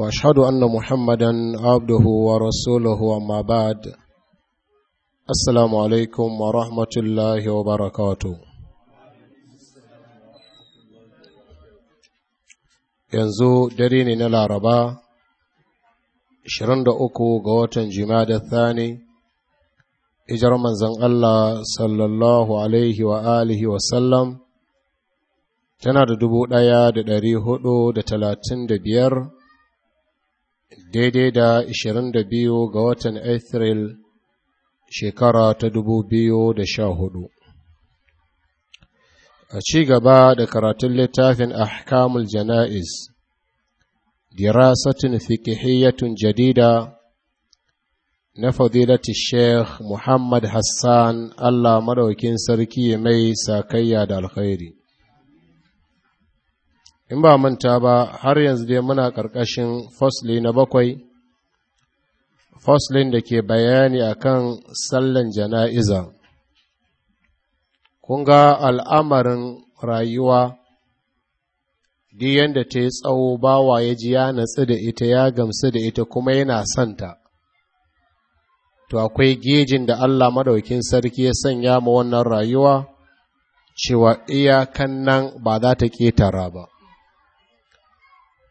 واشهد ان محمدا عبده ورسوله وما بعد السلام عليكم ورحمه الله وبركاته yanzu dare ne na laraba 23 ga watan jimada thani ijar manzon Allah sallallahu alaihi wa alihi wa sallam tana da dubu ɗaya da ɗari hudu da talatin da biyar daidai da 22 ga watan Afril shekara ta da 2014. A ci gaba da karatun littafin Ahkamul Jana'iz, dirasatun fikihiyyatun jadida na fadilati Sheikh Muhammad Hassan Allah madaukin sarki mai sakayya da alkhairi. in ba manta ba har yanzu dai muna ƙarƙashin fosli na bakwai fosli da ke bayani a kan sallan jana'iza kun ga al'amarin rayuwa duk yadda ta yi tsawo bawa ya ji ya natsu da ita ya gamsu da ita kuma yana santa to akwai gejin da Allah madaukin sarki ya sanya ma wannan rayuwa cewa iyakan nan ba za ta ƙetara ba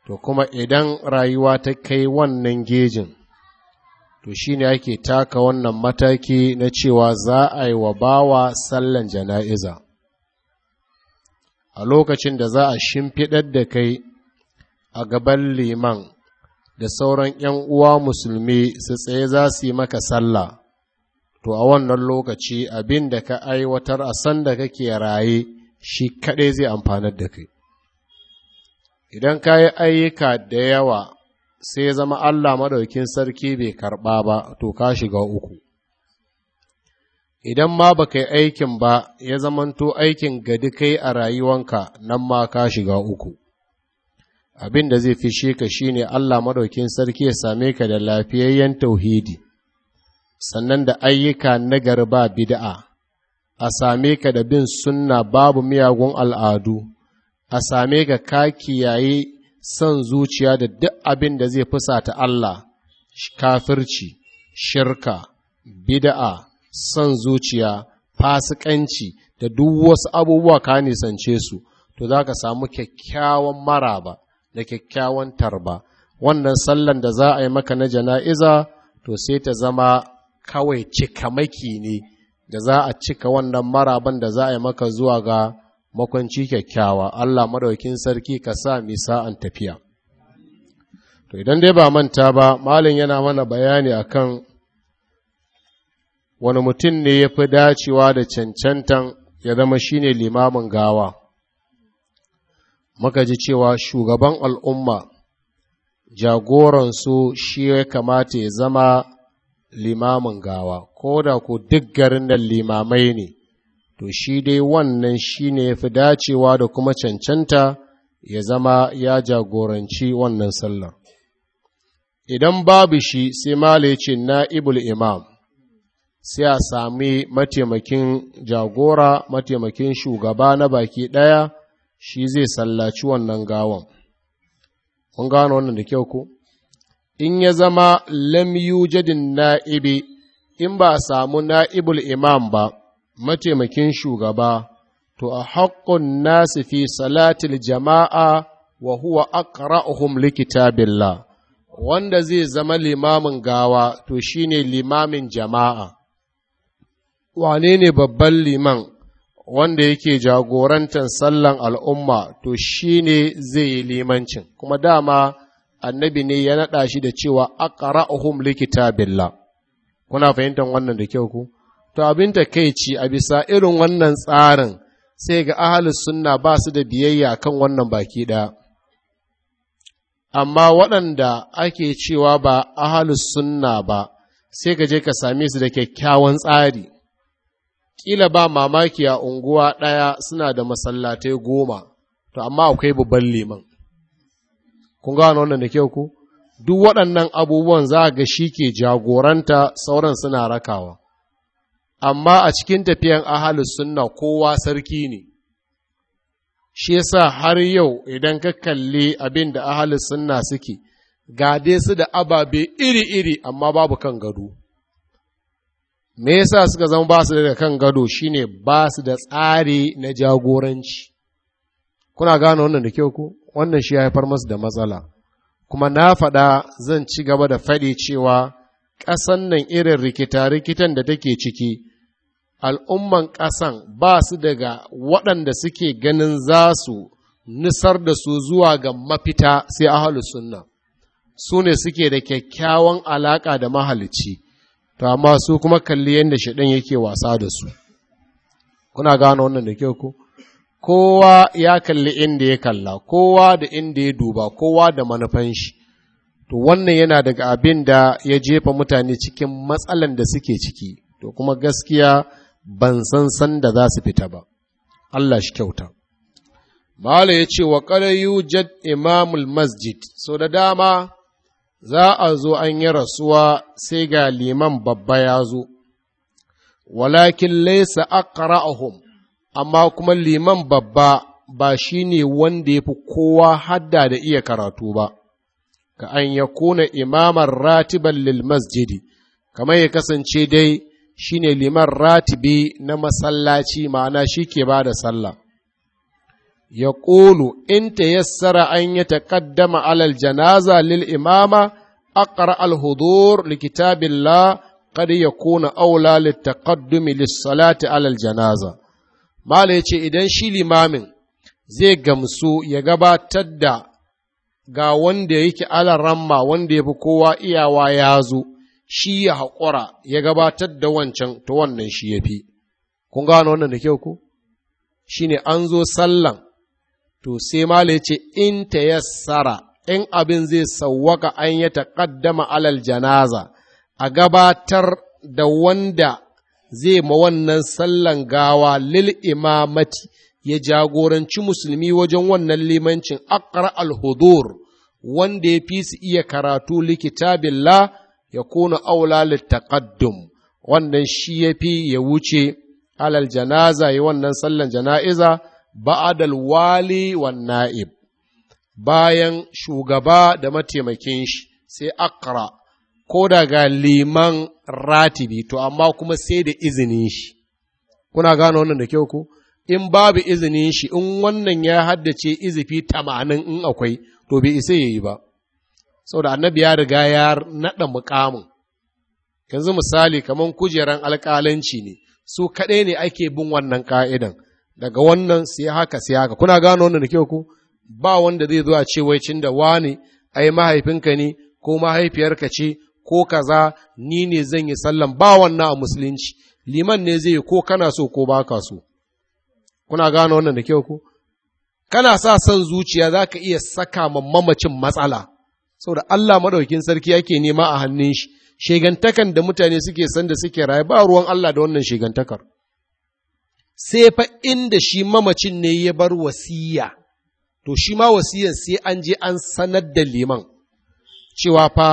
to kuma idan rayuwa ta kai wannan gejin to shi shine ake taka wannan mataki na cewa za a yi wa bawa sallan jana'iza a lokacin da za a shimfiɗar da kai a gaban liman da sauran ‘yan uwa musulmi su tsaye za su yi maka sallah, to a wannan lokaci abin da ka aiwatar a sanda kake raye shi kaɗai zai amfanar da kai. idan ka yi ayyuka da yawa sai zama Allah maɗaukin sarki bai karɓa ba to ka shiga uku idan ma ba ka yi aikin ba ya zamanto aikin gadi kai a rayuwanka nan ma ka shiga uku abin da zai fishe ka shine Allah maɗaukin sarki ya same ka da lafiyayyen tauhidi sannan da ayyuka nagar ba bid'a a same ka da bin sunna babu miyagun al'adu a same ga ka kiyaye son zuciya da duk abin da zai fusata Allah kafirci shirka bida'a, son zuciya fasikanci da duk wasu abubuwa ka nisance su to za ka samu kyakkyawan maraba da kyakkyawan tarba wannan sallan da za a yi maka na jana'iza to sai ta zama kawai cika maki ne da za a cika wannan maraban da za a yi maka zuwa ga makwanci kyakkyawa Allah madaukin sarki ka sa misa sa'an tafiya to idan dai ba manta ba malin yana mana bayani akan wani mutum ne ya fi dacewa da cancantan ya zama shine limamin gawa Maka ji cewa shugaban al'umma jagoransu shi ya kamata ya zama limamin gawa ko da ku duk garin da limamai ne to shi dai wannan shi ne ya fi dacewa da kuma cancanta ya zama ya jagoranci wannan sallar. Idan babu shi sai mala ce Ibul imam, sai a sami mataimakin jagora, mataimakin shugaba na baki ɗaya shi zai sallaci wannan gawan. Kun gano wannan da kyau ko? In ya zama lamyu jadin na'ibi, in ba a samu na'ibul imam ba, mataimakin shugaba to a haƙƙun nasu fi salatil jama'a wa huwa aqra'uhum likitabillah wanda zai zama limamin gawa to shine limamin jama'a wane ne babban liman wanda yake jagorantar sallan al'umma to shine zai yi limancin kuma dama annabi ne ya naɗa shi da cewa aqra'uhum likitabillah kuna fahimtar wannan da kyau ku to abin da kai ci a bisa irin wannan tsarin sai ga ahalus sunna ba su da biyayya kan wannan baki ɗaya amma waɗanda ake cewa ba ahalus sunna ba sai ka je ka same su da kyakkyawan tsari ƙila ba mamaki a unguwa ɗaya suna da masallatai goma to amma akwai babban liman kun gano wannan da kyau ku duk waɗannan abubuwan za ga shi ke jagoranta sauran suna rakawa amma a cikin tafiyan ahalus sunna kowa sarki ne shi yasa har yau idan ka kalli abin da ahalus sunna suke gade su da ababe iri-iri amma babu kan gado me yasa suka zama ba su da kan gado shine ba su da tsari na jagoranci kuna gane wannan da kyau ko wannan shi ya haifar masu da matsala kuma na faɗa zan ci gaba da faɗi cewa ƙasan nan irin rikita-rikitan da take ciki al'umman ƙasan ba su daga waɗanda suke ganin za su nisar da su zuwa ga mafita sai ahalus sunna su ne suke da kyakkyawan alaƙa da mahalici to amma su kuma kalli yadda shaɗin yake wasa da su kuna gano wannan da kyau ko kowa ya kalli inda ya kalla kowa da inda ya duba kowa da manufan shi to wannan yana daga abin da ya jefa mutane cikin matsalan da suke ciki to kuma gaskiya ban san sanda za su fita ba Allah shi kyauta Mala ya ce wa ƙarayu jad imamul masjid so da dama za a zo an yi rasuwa sai ga liman babba ya zo walakin laisa aqra'uhum amma kuma liman babba ba shi ne wanda ya fi kowa hadda da iya karatu ba ka an ya kuna imamar ratiban lil masjidi kamar ya kasance dai shine liman ratibi na masallaci ma'ana shi ke ba da sallah ya ƙulu in ta yassara an yi taƙaddama alal janaza lil imama aqra al hudur li kitabillah qad yakuna aula lit taqaddumi lis salati alal janaza mala yace idan shi limamin zai gamsu ya gabatar da ga wanda yake alaramma wanda ya fi kowa iyawa ya zo shi ya haƙura ya gabatar da wancan ta wannan shi ya fi, kun gano wannan da kyau ku? Shi ne an zo sallan, to sai mala ya ce in ta yassara, in abin zai sawwaka an ya taƙaddama alal janaza, a gabatar da wanda zai ma wannan sallan gawa lil imamati ya jagoranci musulmi wajen wannan limancin akra al-hudur wanda ya fi su iya karatu likita likitabillah ya kuna aula littaqaddum wannan shi yafi ya wuce alal janaza yi wannan sallan jana'iza ba'adal wali wan na'ib bayan shugaba da mataimakin shi sai akra ko daga liman ratibi to amma kuma sai da izinin shi kuna gano wannan da kyau ko in babu izinin shi in wannan ya haddace izifi tamanin in akwai to bai isa yayi ba saboda annabi ya riga ya naɗa mukamin yanzu misali kaman kujeran alƙalanci ne su kaɗai ne ake bin wannan ka'idan daga wannan sai haka sai haka kuna gano wannan da kyau ku ba wanda zai zo a ce wai cin da wani ai mahaifinka ne ko mahaifiyarka ce ko kaza ni ne zan yi sallan ba wannan a musulunci liman ne zai yi ko kana so ko baka so kuna gano wannan da kyau ku kana sa son zuciya za ka iya saka mamacin matsala saboda Allah madaukin sarki yake nema a hannun shi shegantakan da mutane suke san da suke raye ba ruwan Allah da wannan shegantakar sai fa inda shi mamacin ne ya bar wasiya to shi ma wasiyan sai an je an sanar da liman cewa fa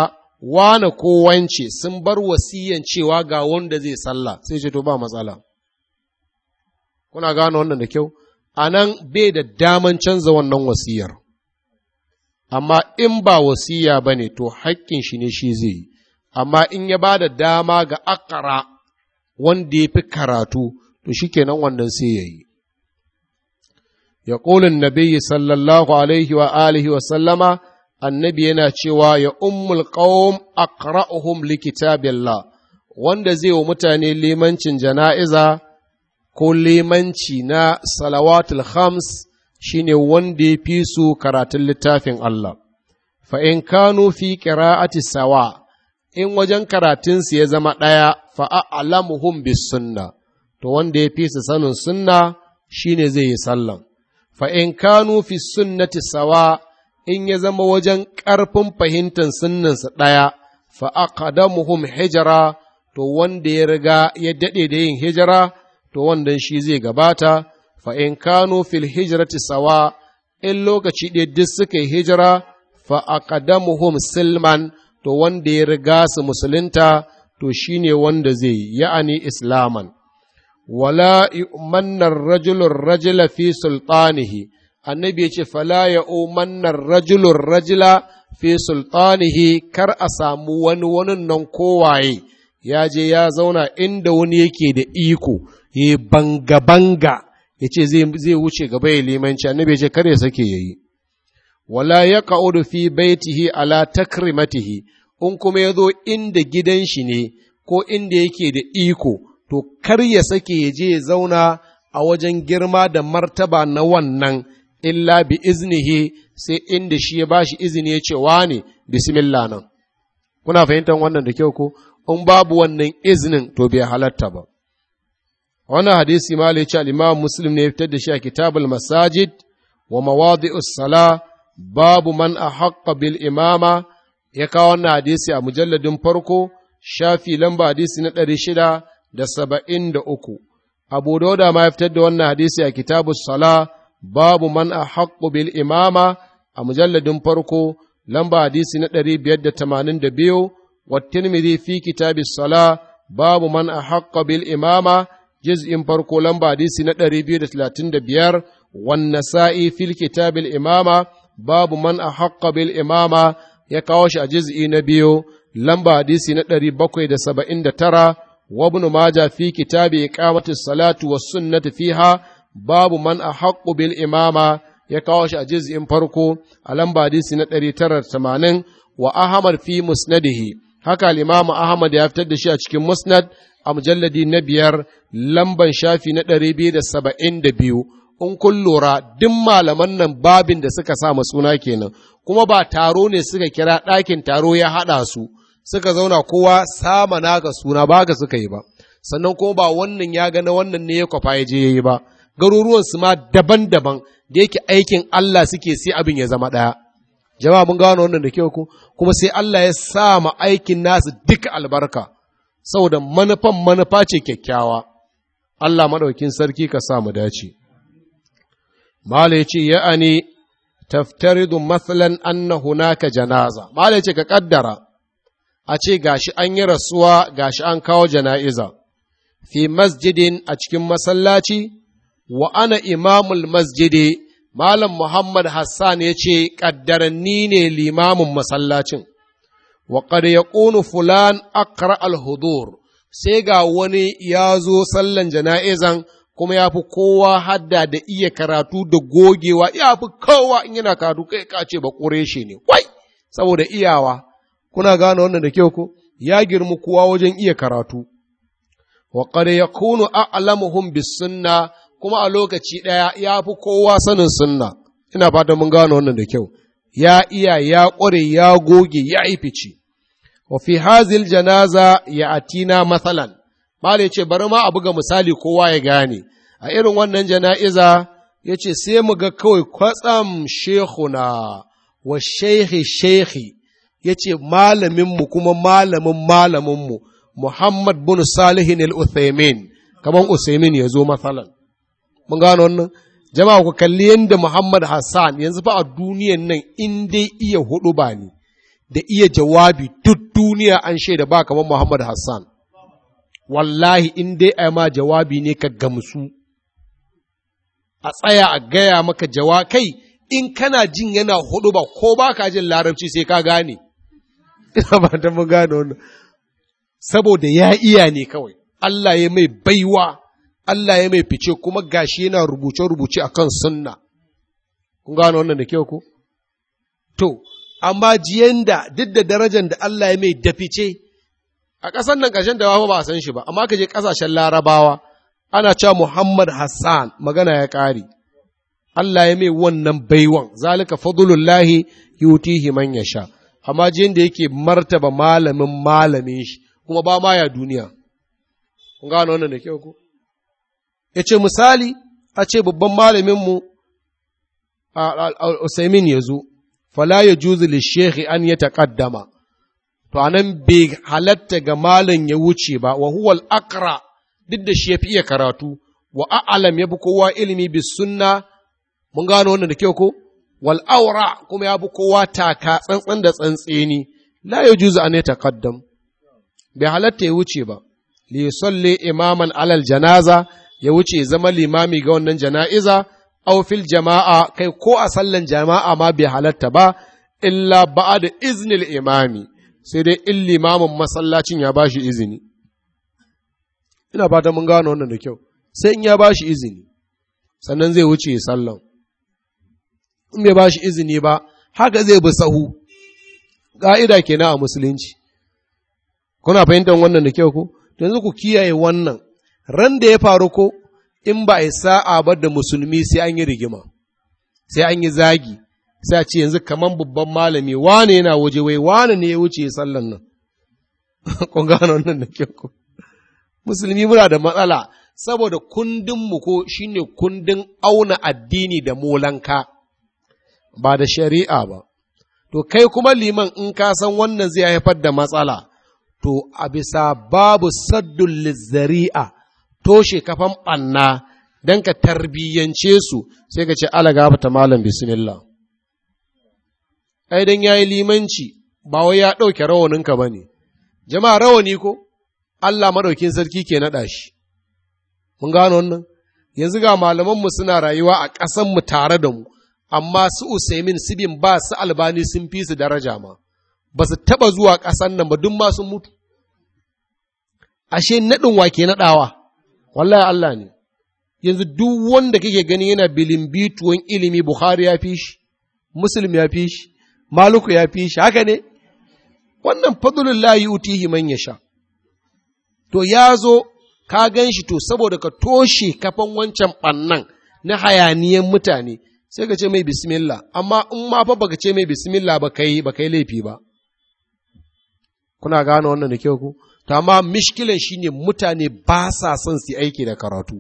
wane ko wance sun bar wasiyan cewa ga wanda zai sallah sai ce to ba matsala kuna gane wannan da kyau A nan bai da daman canza wannan wasiyar amma in ba wasiya ba ne to haƙƙin shi ne shi zai yi amma in ya ba da dama ga akara wanda ya fi karatu to shi kenan wannan sai ya yi ya ƙolin nabi sallallahu alaihi wa alihi wa sallama annabi yana cewa ya ummul qawm likita likitabillah wanda zai wa mutane limancin jana'iza ko limanci na salawatul khams shine wanda ya fi su karatun littafin Allah fa in kanu fi qira'ati sawa in wajen karatunsu ya zama ɗaya fa a'lamuhum bis sunna to wanda ya fi su sanin sunna shine zai yi sallan fa in kanu fi sunnati sawa in ya zama wajen ƙarfin fahimtar sunnansa ɗaya fa aqdamuhum hijira to wanda ya riga ya daɗe da yin hijira to wanda shi zai gabata fa in kanu fil hijrati sawa in lokaci ɗaya duk suka yi hijira fa aqdamuhum silman to wanda ya riga su musulunta to shine wanda zai ya'ani islaman wala yu'manna rajulun rajula fi sultanihi annabi ya ce fala ya umannar rajulun rajula fi sultanihi kar a samu wani wani nan kowaye ya je ya zauna inda wani yake da iko ya banga-banga ya ce zai wuce gaba ya limanci annabi ya ce kar ya sake yayi wala ya ka'udu fi baitihi ala takrimatihi in kuma ya zo inda gidan shi ne ko inda yake da iko to kar ya sake ya je ya zauna a wajen girma da martaba na wannan illa bi iznihi sai inda shi ya bashi izini ya ce wane bismillah nan kuna fahimtar wannan da kyau ko in babu wannan iznin to bai halatta ba wannan hadisi ma ya ce al-imam muslim ne fitar da shi a kitabul masajid wa mawadi'us sala babu man ahaqqa bil imama ya kawo wannan hadisi a mujalladin farko shafi lamba hadisi na ɗari shida da saba'in da uku abu dauda ma ya fitar da wannan hadisi a kitabus sala babu man ahaqqu bil imama a mujalladin farko lamba hadisi na ɗari biyar da tamanin da biyu wa tirmidhi fi kitabis sala babu man ahaqqa bil imama juz'in farko lamba hadisi na 235 wan nasa'i fil kitabil imama babu man ahaqqa bil imama ya kawo shi a juz'i na biyu lamba hadisi na 779 wa ibn maja fi kitabi iqamati salati was sunnati fiha babu man ahaqqu bil imama ya kawo shi a juz'in farko a lamba hadisi na 980 wa ahmad fi musnadihi haka al-imamu ahmad ya fitar da shi a cikin musnad a mujalladi na biyar lamban shafi na ɗari biyu da saba'in da biyu in kun lura duk malaman nan babin da suka sa suna kenan kuma ba taro ne suka kira ɗakin taro ya haɗa su suka zauna kowa sama ga suna ba ga suka yi ba sannan kuma ba wannan ya gana wannan ne ya kwafa ya je ya yi ba garuruwan su ma daban-daban da yake aikin Allah suke sai abin ya zama ɗaya jama'a mun gano wannan da kyau ku kuma sai Allah ya sa ma aikin nasu duka albarka saboda manufan manufa ce kyakkyawa Allah maɗaukin sarki ka sa mu dace mala ya ce ya'ani taftaridu mathalan anna hunaka janaza mala ya ce ka ƙaddara. a ce gashi an yi rasuwa gashi an kawo jana'iza fi masjidin a cikin masallaci wa ana imamul masjidi malam muhammad hassan ya ce ni ne limamin masallacin wa ya yaqulu fulan aqra al sai ga wani ya zo sallan jana'izan kuma ya fi kowa hadda da iya karatu da gogewa ya fi kowa in yana karatu kai ka ce ba shi ne wai saboda iyawa kuna gane wannan da kyau ku, ya girmi kowa wajen iya karatu wa qad yakunu a'lamuhum bis sunna kuma a lokaci ɗaya ya fi kowa sanin sunna ina fatan mun gane wannan da kyau ya iya ya ƙware ya goge ya fice wa fi hazil janaza ya atina matsalan Bala ce bari ma a buga misali kowa ya gane a irin wannan jana'iza ya ce sai mu ga kawai kwatsam shehuna wa shehi shehi ya ce malaminmu kuma malamin malaminmu Muhammad bin Salihin al-Uthaymin kaman Uthaymin ya zo matsalan mun gano wannan jama'a ku kalli yadda Muhammad Hassan yanzu fa a duniyan nan in dai iya hudu ba ne da iya jawabi duk duniya an shaida ba kamar Muhammad Hassan wallahi in dai a ma jawabi ne ka gamsu a tsaya a gaya maka jawa kai in kana jin yana hudu ba ko ba ka jin larabci sai ka gane ba saboda ya iya ne kawai Allah ya mai baiwa Allah ya mai fice kuma gashi yana rubuce-rubuce a kan sunna. Kun gano wannan da kyau ko? To, amma jiyan da duk da darajar da Allah ya mai da fice, a ƙasar nan ƙashen da ba a san shi ba, amma ka je ƙasashen larabawa ana cewa Muhammad Hassan magana ya ƙare. Allah ya mai wannan baiwan, zalika fadlullahi yutihi man yasha. Amma jiyan da yake martaba malamin malamin shi, kuma ba ma ya duniya. Kun gano wannan da kyau ko? ya ce misali a ce babban malaminmu al'usaimin ya zo fala ya juzu shehi an ya taƙaddama to a nan bai halatta ga malam ya wuce ba wa huwal akra duk da shi ya fi iya karatu wa a'alam ya fi kowa ilimi bisunna sunna mun gano wannan da kyau ko wal kuma ya bi kowa taka tsantsan da tsantseni la ya juzu an ya taƙaddam bai halatta ya wuce ba li salli imaman alal janaza ya wuce zama limami ga wannan jana'iza au fil jama'a kai ko a sallan jama'a ma bai halatta ba illa ba'a da iznil imami sai dai in limamin masallacin ya ba shi izini ina fata mun gano wannan da kyau sai in ya ba shi izini sannan zai wuce sallan in bai ba shi izini ba haka zai bi sahu ƙa'ida kenan a musulunci kuna fahimtar wannan da kyau ko yanzu ku kiyaye wannan ran da ya faru ko in ba a sa'a ba da musulmi sai an yi rigima sai an yi zagi sai a ce yanzu kaman babban malami wane yana waje wai wane ne ya wuce sallan nan kun gano da musulmi muna da matsala saboda kundinmu ko shine kundin auna addini da molanka ba da shari'a ba to kai kuma liman in ka san wannan zai haifar da matsala to a bisa babu saddun lizzari'a toshe kafan ɓanna don ka tarbiyyance su sai ka ce ala ta malam bismillah ai don ya yi limanci ba wai ya ɗauke rawaninka ba ne jama'a rawani ko Allah maɗaukin sarki ke naɗa shi mun gano wannan yanzu ga malamanmu suna rayuwa a ƙasanmu tare da mu amma su usaimin sibin ba su albani sun fi su daraja ma ba su taɓa zuwa ƙasan nan ba duk ma mutu ashe naɗin wa ke naɗawa wallahi Allah ne yanzu duk wanda kake gani yana bilimbituwan ilimi Bukhari ya fi shi Muslim ya fi shi Maluku ya fi shi haka ne wannan fadlul uti yutihi man yasha to ya zo ka gan shi to saboda ka toshe kafan wancan ɓannan na hayaniyan mutane sai ka ce mai bismillah amma in ma fa baka ce mai bismillah ba kai yi laifi ba kuna gane wannan da kyau ku tama amma mishkilan shine mutane ba sa son su aiki da karatu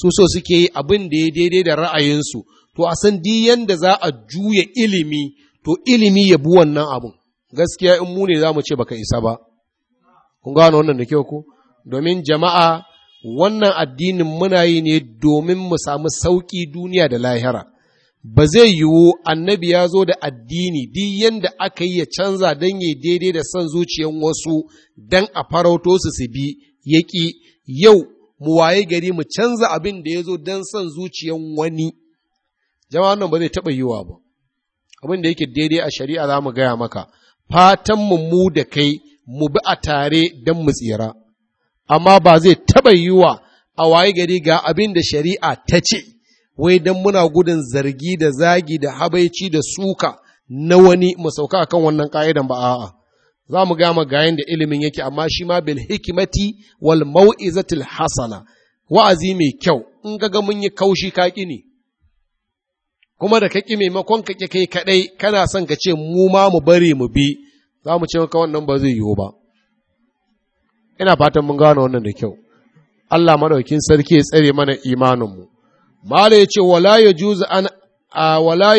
su so suke yi abin da ya daidai da ra'ayinsu to a san di yanda za a juya ilimi to ilimi ya bi wannan abin gaskiya in mu ne za mu ce baka isa ba kun gano wannan da kyau ko domin jama'a wannan addinin muna yi ne domin mu samu sauƙi duniya da lahira ba zai yiwu annabi ya zo da addini duk yadda aka yi ya canza don ya daidai da son zuciyan wasu don a farauto su su bi yaƙi yau mu waye gari mu canza abin da ya zo don son zuciyan wani jama'an nan ba zai taɓa yiwa ba abin da yake daidai a shari'a za mu gaya maka fatan mu mu da kai mu bi a tare don mu tsira amma ba zai taɓa yiwa a waye gari ga abin da shari'a ta ce wai don muna gudun zargi da zagi da habaici da suka na wani mu sauka akan wannan ka'idan ba a'a za mu gama gayan da ilimin yake amma shi ma bil hikimati wal mau'izatil hasana wa'azi mai kyau in ga mun yi kaushi kaki ne kuma da kaki maimakon ka kai kadai kana son ka ce mu ma mu bari mu bi za mu ce maka wannan ba zai yiwu ba ina fatan mun gane wannan da kyau Allah madaukin sarki ya tsare mana imaninmu bare ya ce, wala ya juzu an a wala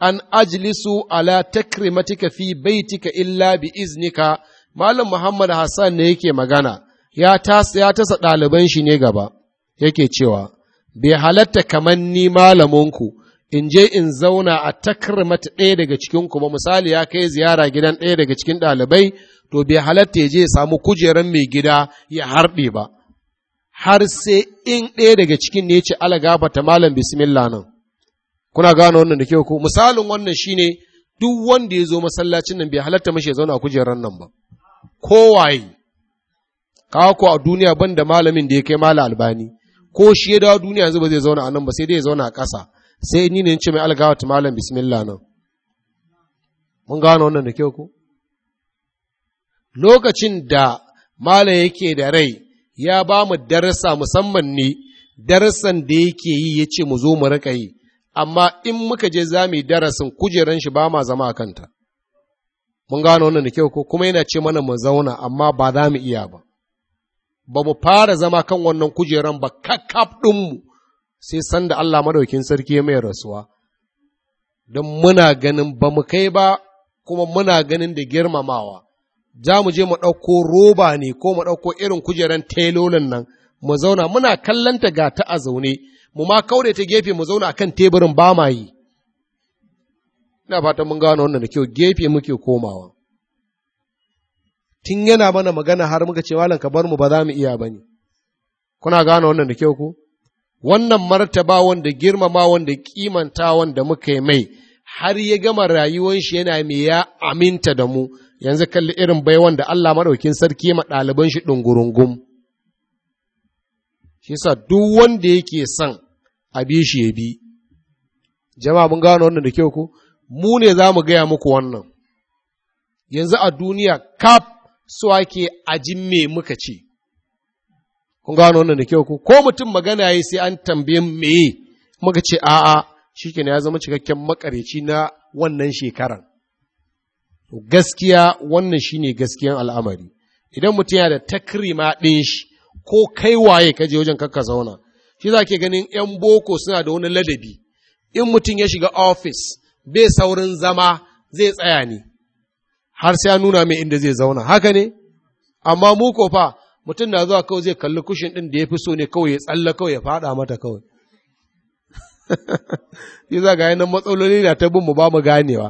an ajlisu ala takrimatika fi baitika illa bi iznika Malam Muhammad Hassan ne yake magana ya tasa ɗaliban shi ne gaba yake cewa bai halatta kamar ni malamunku in je in zauna a takrimat ɗaya daga cikin kuma ba misali ya kai ziyara gidan ɗaya daga cikin ɗalibai to bai halatta ya je ya samu kujerar mai gida ya harɗe ba har sai in ɗaya daga cikin ne ce ala ta malam bismillah nan kuna gano wannan da kyau ko misalin wannan shine duk wanda ya zo masallacin nan bai halatta mashi ya zauna a kujerar nan ba kowaye kawo ko a duniya ban da malamin da ya kai mala albani ko shi ya dawo duniya yanzu ba zai zauna a nan ba sai dai ya zauna a ƙasa sai ni ne ce mai algawa ta malam bismillah nan mun gano wannan da kyau ko lokacin da malam yake da rai ya ba mu darasa musamman ne darasan da yake yi ya ce mu zo mu rika yi amma in muka je za mu yi darasin kujeran shi ba ma zama a kanta mun gano wannan da kyau ko kuma yana ce mana mu zauna amma ba za mu iya ba ba mu fara zama kan wannan kujeran ba kakkaf ɗinmu sai sanda Allah madaukin sarki ya mai rasuwa don muna ganin ba mu kai ba kuma muna ganin da girmamawa za mu je mu ɗauko roba ne ko mu ɗauko irin kujeran telolin nan mu zauna muna kallanta ga ta a zaune mu ma kaure ta gefe mu zauna akan teburin ba ma yi ina fatan mun gano wannan da kyau gefe muke komawa tun yana mana magana har muka ce malam ka bar mu ba za mu iya bane kuna gano wannan da kyau ko wannan martaba wanda girmama wanda kimanta wanda muka yi mai har ya gama rayuwar shi yana mai ya aminta da mu yanzu kalli irin baiwan da Allah maɗaukin sarki ma ɗaliban shi ɗungurungun. Shi sa duk wanda yake son a bi shi ya bi. Jama'a mun gano wannan da kyau ko? Mu ne za mu gaya muku wannan. Yanzu a duniya kaf su ake ajin me muka ce. Kun gano wannan da kyau ko? Ko mutum magana yi sai an tambaye me muka ce a'a shi ya zama cikakken makareci na wannan shekaran. gaskiya wannan shine gaskiyan al'amari idan mutum yana da takrima ɗin shi ko kai waye ka je wajen kakka zauna shi za ke ganin 'yan boko suna da wani ladabi in mutum ya shiga ofis bai saurin zama zai tsaya ne har sai ya nuna mai inda zai zauna haka ne amma mu fa mutum na zuwa kawai zai kalli kushin ɗin da ya fi so ne kawai ya tsalla kawai ya faɗa mata kawai shi za ga yanan matsaloli na ta bin mu ba mu ganewa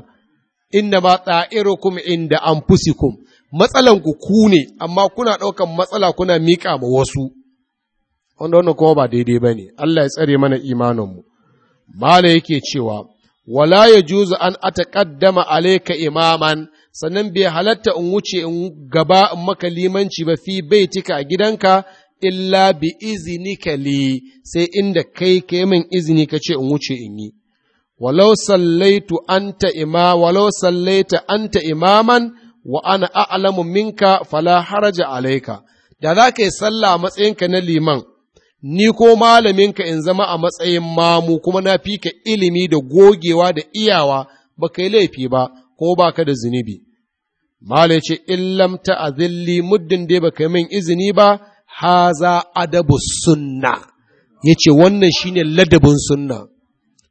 inna ma tsa'irukum inda anfusikum matsalan ku ku ne amma kuna ɗaukan matsala kuna miƙa ma wasu wanda wannan kuma ba daidai ba ne Allah ya tsare mana imaninmu mala yake cewa wala ya juzu an ataqaddama alaika imaman sannan bai halatta in wuce in gaba in maka limanci ba fi baitika a gidanka illa bi ka li sai inda kai kai min izini ka ce in wuce in yi walau sallaitu anta ima walau sallaita anta imaman wa ana a'lamu minka fala haraja alaika da za ka yi sallah a matsayinka na liman ni ko malaminka in zama a matsayin mamu kuma na fi ka ilimi da gogewa da iyawa ba ka yi laifi ba ko ba ka da zunubi Malam ce illam ta'azilli muddin dai ba ka min izini ba haza adabu sunna yace wannan shine ladabin sunna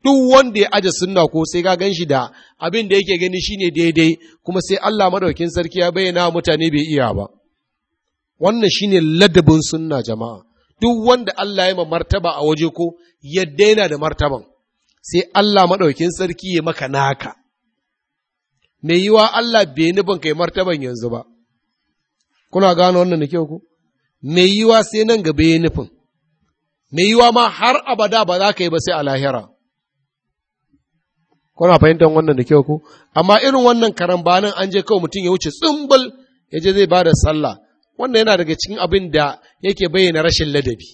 duk wanda ya aje sunna ko sai ka gan shi da abin da yake gani shine daidai kuma sai Allah madaukin sarki ya bayyana mutane bai iya ba wannan shine ladabin sunna jama'a duk wanda Allah ya ma martaba a waje ko ya yana da martaban sai Allah madaukin sarki ya maka naka mai yiwa Allah bai nufin kai martaban yanzu ba kuna gano wannan da kyau ko Me yiwa sai nan gaba ya nufin Me yiwa ma har abada ba za ka yi ba sai a lahira kuna fahimtar wannan da kyau ko amma irin wannan karambanin an je kawai mutum ya wuce tsumbul ya je zai bada sallah wannan yana daga cikin abin da yake bayyana rashin ladabi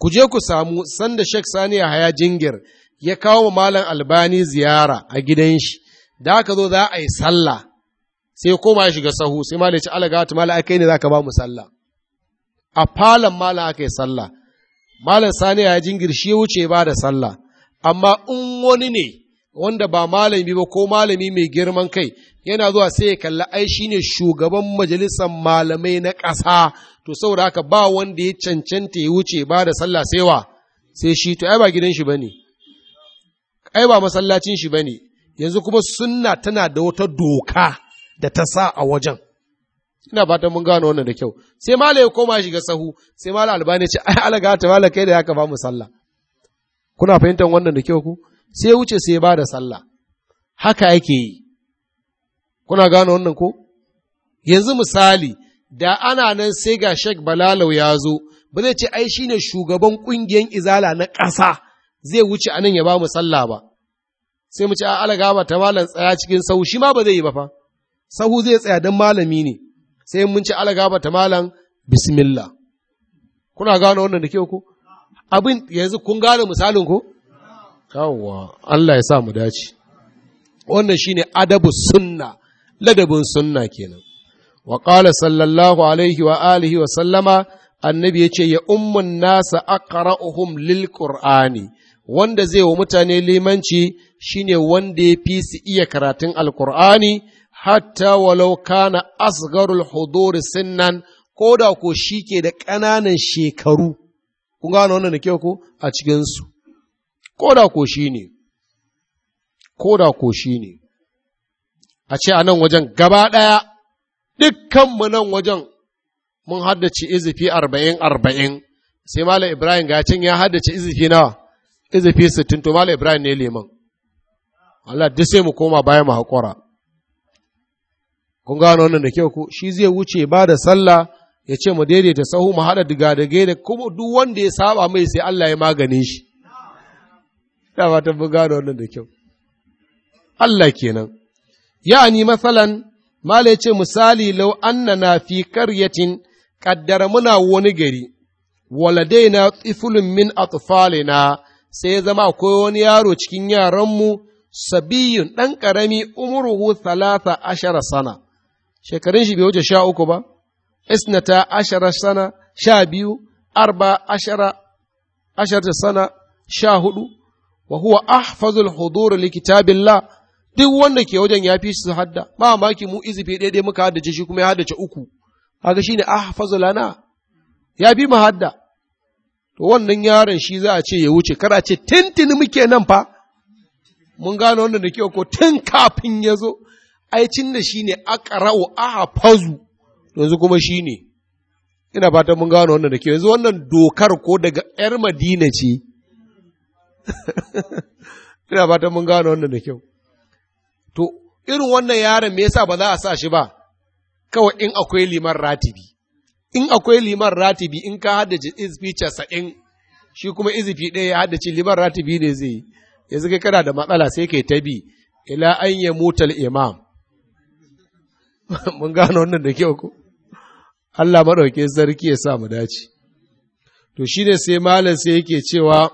ku je ku samu sanda Sheikh Sani haya Jingir ya kawo malam Albani ziyara a gidan shi da aka zo za a yi sallah sai koma ya shiga sahu sai malam ya ci alaga ta malam kai ne zaka ba mu sallah a falon malam aka yi sallah malam Sani ya Jingir shi ya wuce ba da sallah amma in wani ne wanda ba malami ba ko malami mai girman kai yana zuwa sai ya kalli ai shi ne shugaban majalisar malamai na ƙasa to saboda haka ba wanda ya cancanta ya wuce ba da sallah sai wa sai shi to ai ba gidan shi bane ai ba masallacin shi bane yanzu kuma sunna tana da wata doka da ta sa a wajen ina fatan mun gano wannan da kyau sai malai ya koma shiga sahu sai malai albani ce ai alaga ta malai kai da ya ka ba mu sallah kuna fahimtar wannan da kyau ku sai wuce sai ba da sallah haka yake yi kuna gano wannan ko yanzu misali da ana nan sai ga Sheikh Balalau ya zo ba zai ce ai shine shugaban ƙungiyar izala na ƙasa zai wuce a nan ya ba mu sallah ba sai mu ce a alaga ba ta malam tsaya cikin sahu shi ma ba zai yi ba fa sahu zai tsaya don malami ne sai mun ci alaga ba ta malam bismillah kuna gano wannan da kyau ko abin yanzu kun gane misalin ko yawwa Allah ya sa mu dace wannan shi ne adabu sunna ladabin sunna kenan wa ƙala sallallahu alaihi wa alihi wa sallama annabi ya ce ya umman nasa aqra'uhum lil qur'ani wanda zai wa mutane limanci shi ne wanda ya fi su iya karatun alkur'ani hatta walau kana asgarul huduri sinnan ko da ko shi ke da ƙananan shekaru kun gano wannan da kyau ko a cikinsu ko da ko shi ne ko da ko shi ne a ce a nan wajen gaba ɗaya dukkanmu nan wajen mun haddace izifi arba'in arba'in sai Malam Ibrahim gacin ya haddace izifi na izifi sittin to Malam Ibrahim ne liman Allah duk sai mu koma baya mu haƙura kun gano wannan da kyau ko shi zai wuce ba da sallah ya ce mu daidaita sahu mu haɗa diga da gaida kuma duk wanda ya saba mai sai Allah ya maganin shi da ba ta buga da wannan da kyau Allah kenan ya'ani masalan mala ya ce misali lau annana fi karyatin kaddara muna wani gari waladaina tsifulun min atfalina sai ya zama akwai wani yaro cikin yaran mu sabiyun ɗan ƙarami umurhu talata ashara sana shekarun shi bai wuce sha uku ba isnata ashara sana sha biyu arba ashara ashara sana sha hudu wa huwa ahfazul la. duk wanda ke wajen ya fi su hadda ba maki mu izifi daidai muka haddace shi kuma ya haddace uku kaga shine ahfazu ana, ya bi mu hadda to wannan yaron shi za a ce ya wuce kar a ce tintini muke nan fa mun gano wannan da ke ko tun kafin ya zo ai cin da shine aqra'u ahfazu yanzu kuma shi ne ina fatan mun gano wannan da ke yanzu wannan dokar ko daga 'yar madina ce ina fatan mun gano wannan da kyau to irin wannan yaron me yasa ba za a sa shi ba kawai in akwai liman ratibi in akwai liman ratibi in ka haddace izfi casa'in shi kuma izifi ɗaya ya hada ci liman ratibi ne zai yanzu kai kana da matsala sai kai ta bi ila an ya mutal imam mun gano wannan da kyau ko Allah maɗauke zarki ya sa mu dace. To shi ne sai malam sai yake cewa,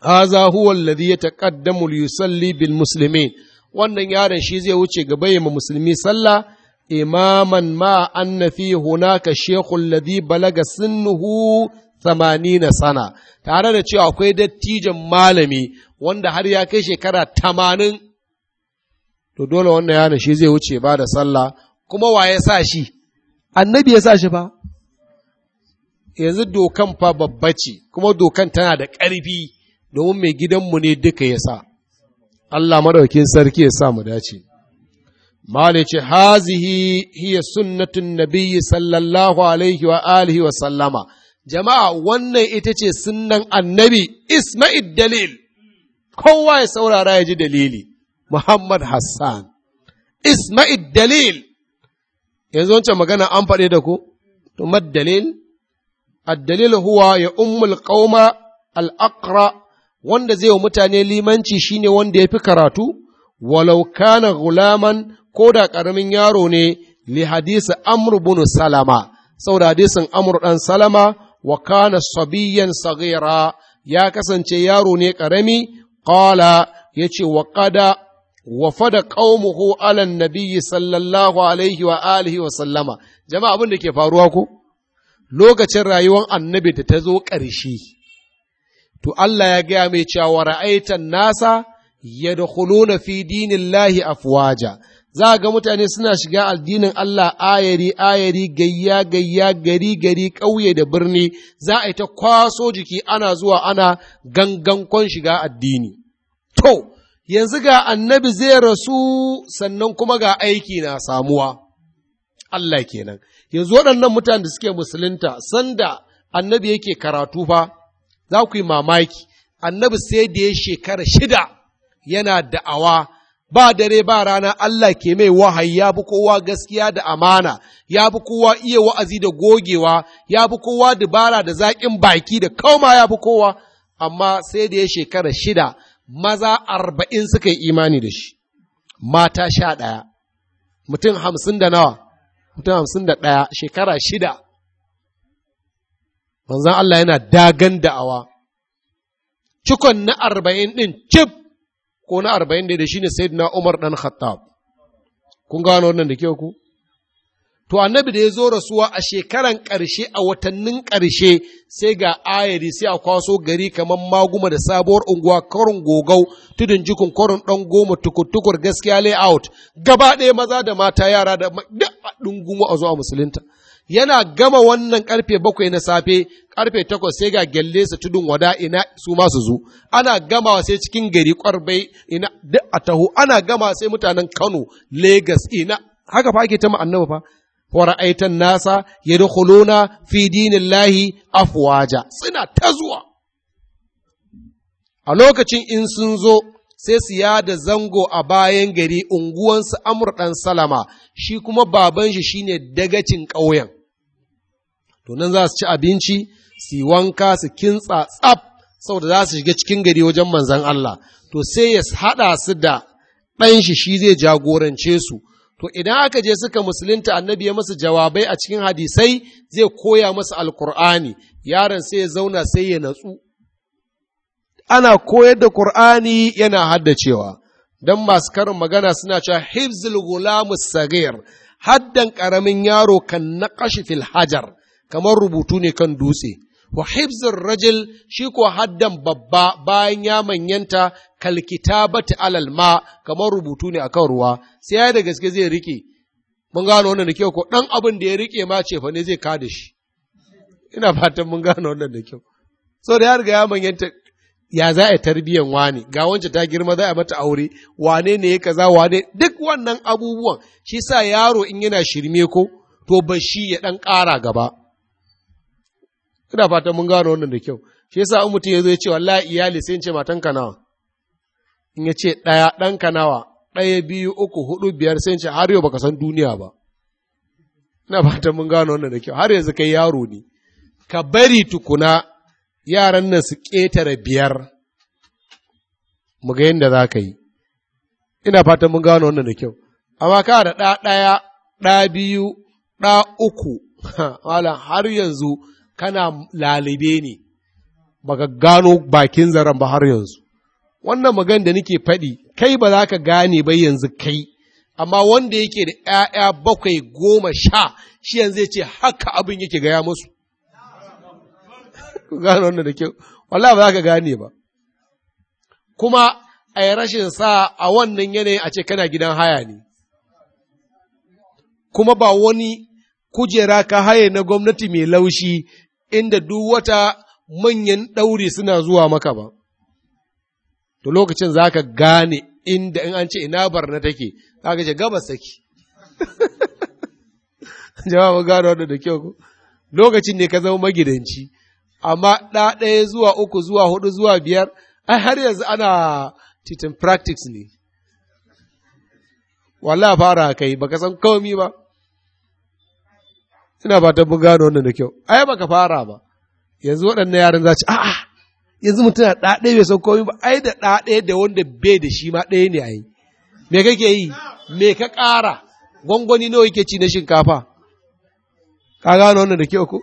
Haza huwa alladhi taƙaddamu yusalli bil Musulmi, wannan yaron shi zai wuce ga ya musulmi sallah imaman ma anna fi hunaka shekul ladhi balaga sinnuhu na sana tare da cewa akwai dattijan malami wanda har ya kai shekara tamanin to dole wannan yaron shi zai wuce ba da sallah kuma wa sa shi annabi ya sa shi ba yanzu dokan fa babba ce kuma dokan tana da ƙarfi domin mai gidanmu ne duka ya sa Allah madaukin sarki ya sa mu dace Malik ce hazihi hiya sunnatun nabiyyi sallallahu alaihi wa alihi wa sallama jama'a wannan ita ce sunnan annabi Isma'il dalil kowa ya saurara ya ji dalili Muhammad Hassan Isma'il dalil yanzu wancan magana an faɗe da ku to mad dalil dalil huwa ya ummul ƙauma al-aqra wanda zai wa mutane limanci shine wanda ya fi karatu walau kana gulaman ko da ƙaramin yaro ne li hadisi amur bin salama saboda hadisin amru dan salama wa kana sabiyan sagira ya kasance yaro ne ƙarami qala yace wa qada wafada qaumuhu ala nabiyyi sallallahu alaihi wa alihi wa sallama jama'a abin da ke faruwa ko lokacin rayuwar annabi da ta zo ƙarshe to Allah ya gaya mai cewa ra'aitan nasa na fi a fuwaja. za ga mutane suna shiga addinin Allah ayari ayari gayya gayya gari gari ƙauye da birni za a yi ta kwaso jiki ana zuwa ana gangankon shiga addini to yanzu ga annabi zai rasu sannan kuma ga aiki na samuwa. Allah kenan, yanzu waɗannan mutanen da suke musulunta sanda annabi yake karatu fa, za ku yi mamaki, annabi sai da ya shekara shida yana da'awa ba dare ba rana Allah ke mai wahayi ya bi kowa gaskiya da amana, ya bi kowa iya wa'azi da gogewa, ya bi kowa dubara da zaƙin baki da kauma ya bi kowa, amma sai da ya shekara shida maza arba'in suka yi imani da shi mata sha ɗaya mutum hamsin da nawa mutum hamsin da ɗaya shekara shida manzan Allah yana dagan da'awa cikon na arba'in ɗin cif ko na arba'in da shi ne na Umar ɗan Khattab kun gano wannan da kyau ku To, annabi da ya zo rasuwa a shekaran ƙarshe a watannin ƙarshe sai ga ayari sai a kwaso gari kamar maguma da sabuwar unguwa karin gogau tudun jikun karin ɗan goma tukur-tukur gaskiya layout gaba ɗaya maza da mata yara da duk ɗungumu a zuwa musulunta. Yana gama wannan karfe bakwai na safe karfe takwas sai ga gyalle su tudun wada ina su masu zu ana gama sai cikin gari kwarbai ina duk a taho ana gama sai mutanen Kano Legas ina haka fa ake ta annabi fa wara'aitan nasa ya dukuluna fi dinillahi afwaja suna ta zuwa a lokacin in sun zo sai su yada zango a bayan gari unguwansu amur ɗan salama shi kuma baban shi shine dagacin ƙauyen to nan za su ci abinci su yi wanka su kintsa tsaf da za su shiga cikin gari wajen manzan Allah to sai ya haɗa su da ɗan shi shi zai jagorance su to idan aka je suka musulunta annabi ya masa jawabai a cikin hadisai zai koya masu alkur'ani yaron sai ya zauna sai ya natsu ana koyar da qur'ani yana haddacewa don masu karin magana suna cewa Hibzil gulamu sagir haddan karamin yaro kan na fil hajar kamar rubutu ne kan dutse wa hibzir rajul shi ko haddan babba bayan ya manyanta kalkitabati alal ma kamar rubutu ne akan ruwa sai ya da gaske zai rike mun gano wannan da kyau ko dan abin da ya rike ma ce fa ne zai kada shi ina fatan mun gano wannan da kyau so da ya riga ya manyanta ya za a tarbiyan wani ga wancan ta girma za a mata aure wane ne ya kaza wane duk wannan abubuwan shi sa yaro in yana shirme ko to ba shi ya dan ƙara gaba ina fatan mun gano wannan da kyau shi yasa in mutum ya zo ya ce wallahi iyali sai in ce matan nawa in ya ce ɗaya ɗanka nawa ɗaya biyu uku hudu biyar sai in ce har yau baka san duniya ba ina fatan mun gano wannan da kyau har yanzu kai yaro ne ka bari tukuna yaran nan su ƙetare biyar mu ga yadda za ka yi ina fatan mun gano wannan da kyau amma ka da ɗa ɗaya ɗa biyu ɗa uku wala har yanzu kana lalibe ne ba ka gano bakin zaren ba har yanzu wannan magan da nake faɗi kai ba za ka gane bai yanzu kai amma wanda yake da ‘ya'ya bakwai goma sha shi yanzu ya ce haka abin yake gaya musu gano wannan da kyau wala ba za ka gane ba kuma a yi rashin sa a wannan yanayin a ce kana gidan haya ne kuma ba wani kujera ka haye na gwamnati mai laushi inda duk wata manyan ɗauri suna zuwa maka ba. To lokacin za ka gane inda in an ce ina barna take, za ka ce gabas take. Jama'a gano wadda da kyau Lokacin ne ka zama magidanci, amma ɗa ɗaya zuwa uku zuwa hudu zuwa biyar, ai har yanzu ana titin practice ne. Wallah fara kai, baka san komi ba. ina ba ta gano wannan da kyau ai baka fara ba yanzu waɗannan yaran za ci a'a yanzu mutum na ɗaɗe bai san komai ba ai da ɗaɗe da wanda bai da shi ma ɗaya ne ai me kake yi me ka ƙara gwangwani nawa yake ci na shinkafa ka gano wannan da kyau ko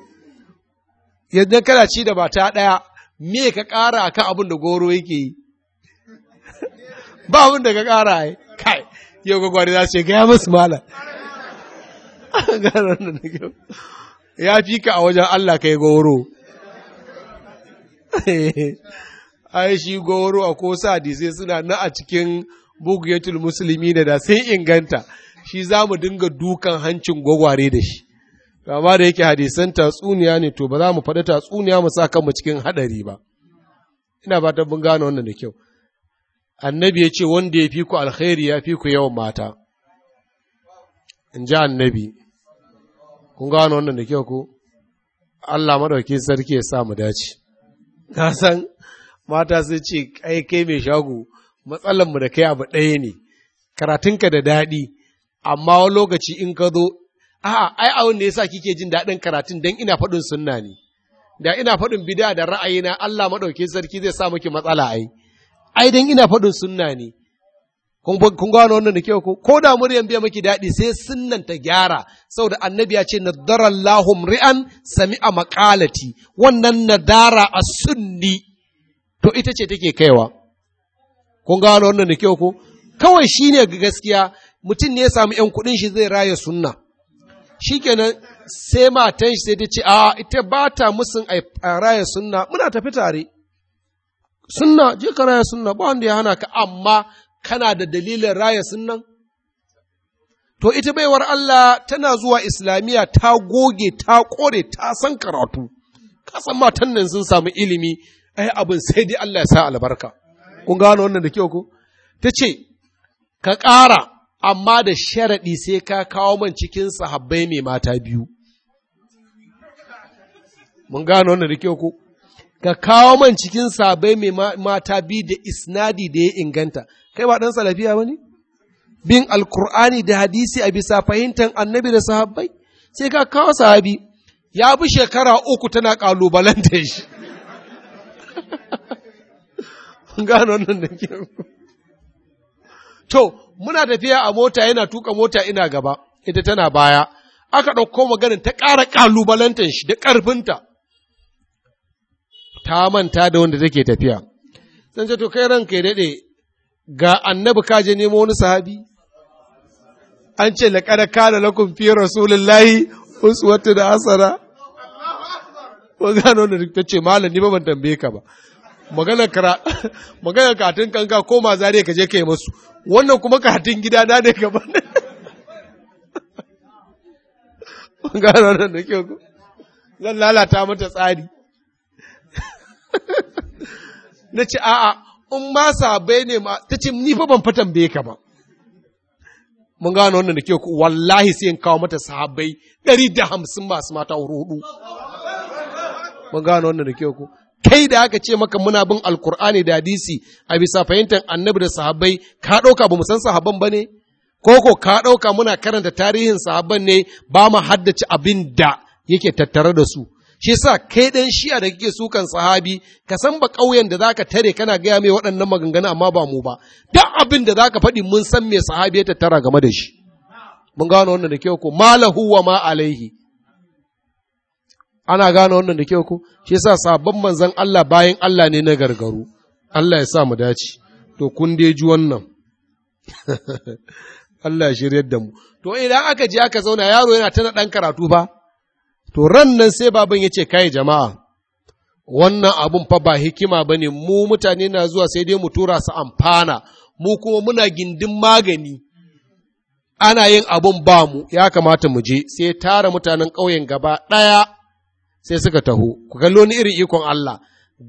yanzu kana ci da mata ɗaya me ka ƙara akan abin da goro yake yi ba abin da ka ƙara ai kai yau gwagwani za su ce gaya musu malam ya fi ka a wajen Allah kai goro ai shi goro a ko sadi sai suna na a cikin bugiyatul musulmi da da sai inganta shi za mu dinga dukan hancin gwagware da shi amma da yake hadisan tatsuniya ne to ba za mu faɗi tatsuniya mu sa kanmu cikin haɗari ba ina fatan mun gano wannan da kyau annabi ya ce wanda ya fi ku alkhairi ya fi ku yawan mata in ji annabi kun gano wannan da kyau ko Allah madauki sarki ya sa mu dace ka san mata su ce ai kai mai shago matsalar mu da kai abu ɗaya ne karatunka da daɗi amma wani lokaci in ka zo a'a ai awon ne yasa kike jin daɗin karatun dan ina faɗin sunna ne da ina faɗin bida da ra'ayina Allah madauki sarki zai sa miki matsala ai ai dan ina faɗin sunna ne kun gano wannan da kyau ko ko da muryan biya maki daɗi sai sunnan ta gyara saboda annabi ya ce nadarallahu mri'an sami'a maqalati wannan nadara a sunni to ita ce take kaiwa kun gano wannan da kyau ko kawai shine gaskiya mutum ne ya samu yan kuɗin shi zai raya sunna shikenan sai matan shi sai ta ce a ita ba ta musun a raya sunna muna tafi tare sunna je ka raya sunna ba wanda ya hana ka amma kana da dalilin raya sunnan? To, ita baiwar Allah tana zuwa Islamiyya ta goge, ta kore, ta san karatu, kasan matan nan sun samu ilimi, ai abin sai dai Allah ya sa albarka. Kun gano wannan da kyau ku? Ta ce, ka ƙara, amma da sharaɗi sai ka kawo man cikin sahabbai mai mata biyu. Mun gano wannan da kyau ku? ka kawo man cikin sabai mai mata bi da isnadi da ya inganta kai ba ɗan salafiya ba ne bin alkur'ani da hadisi a bisa fahimtar annabi da sahabbai sai ka kawo sahabi ya bi shekara uku tana ƙalubalanta shi gano nan da ke to muna tafiya a mota yana tuka mota ina gaba ita tana baya aka ɗauko maganin ta ƙara ƙalubalantar shi da ƙarfinta ta manta da wanda take tafiya Sun ce to kai ranka ya daɗe ga annabi ka je nemo wani sahabi an ce laƙada fiye lakum fi rasulillahi uswatu da asara ko gano da ta ce malam ni ba ban tambaye ka ba maganar kara ka katin kanka ko ma zare ka je kai masu wannan kuma katin gida na ne gaban gano da ku. zan lalata mata tsari na ce a'a in ma sabai ne ma ta ce ni fa ban fatan bai ka ba mun gano wannan da ke ku wallahi sai in kawo mata sahabbai 150 masu mata hudu mun gano wannan da ke ku kai da aka ce maka muna bin alkur'ani da hadisi a bisa fahimtar annabi da sahabai ka ɗauka ba mu san sahabban ba ne ko ko ka ɗauka muna karanta tarihin sahabban ne ba mu haddace abin da yake tattare da su shi sa kai dan shi'a da kake sukan sahabi ka san ba ƙauyen da zaka tare kana gaya mai waɗannan maganganu amma ba mu ba duk abin da zaka faɗi mun san me sahabi ya tattara game da shi mun gano wannan da kyau ko malahu wa ma alaihi ana gano wannan da kyau ko shi sa sabon manzon Allah bayan Allah ne na gargaru Allah ya sa mu dace to kun dai ji wannan Allah ya shiryar da mu to idan aka je aka zauna yaro yana ta dan karatu ba to ran nan sai baban ya ce kai jama'a wannan abun fa ba hikima ba ne mu mutane na zuwa sai dai mu tura su amfana mu kuma muna gindin magani ana yin abun ba mu ya kamata mu je sai tara mutanen ƙauyen gaba ɗaya sai suka taho ku kallo ni irin ikon Allah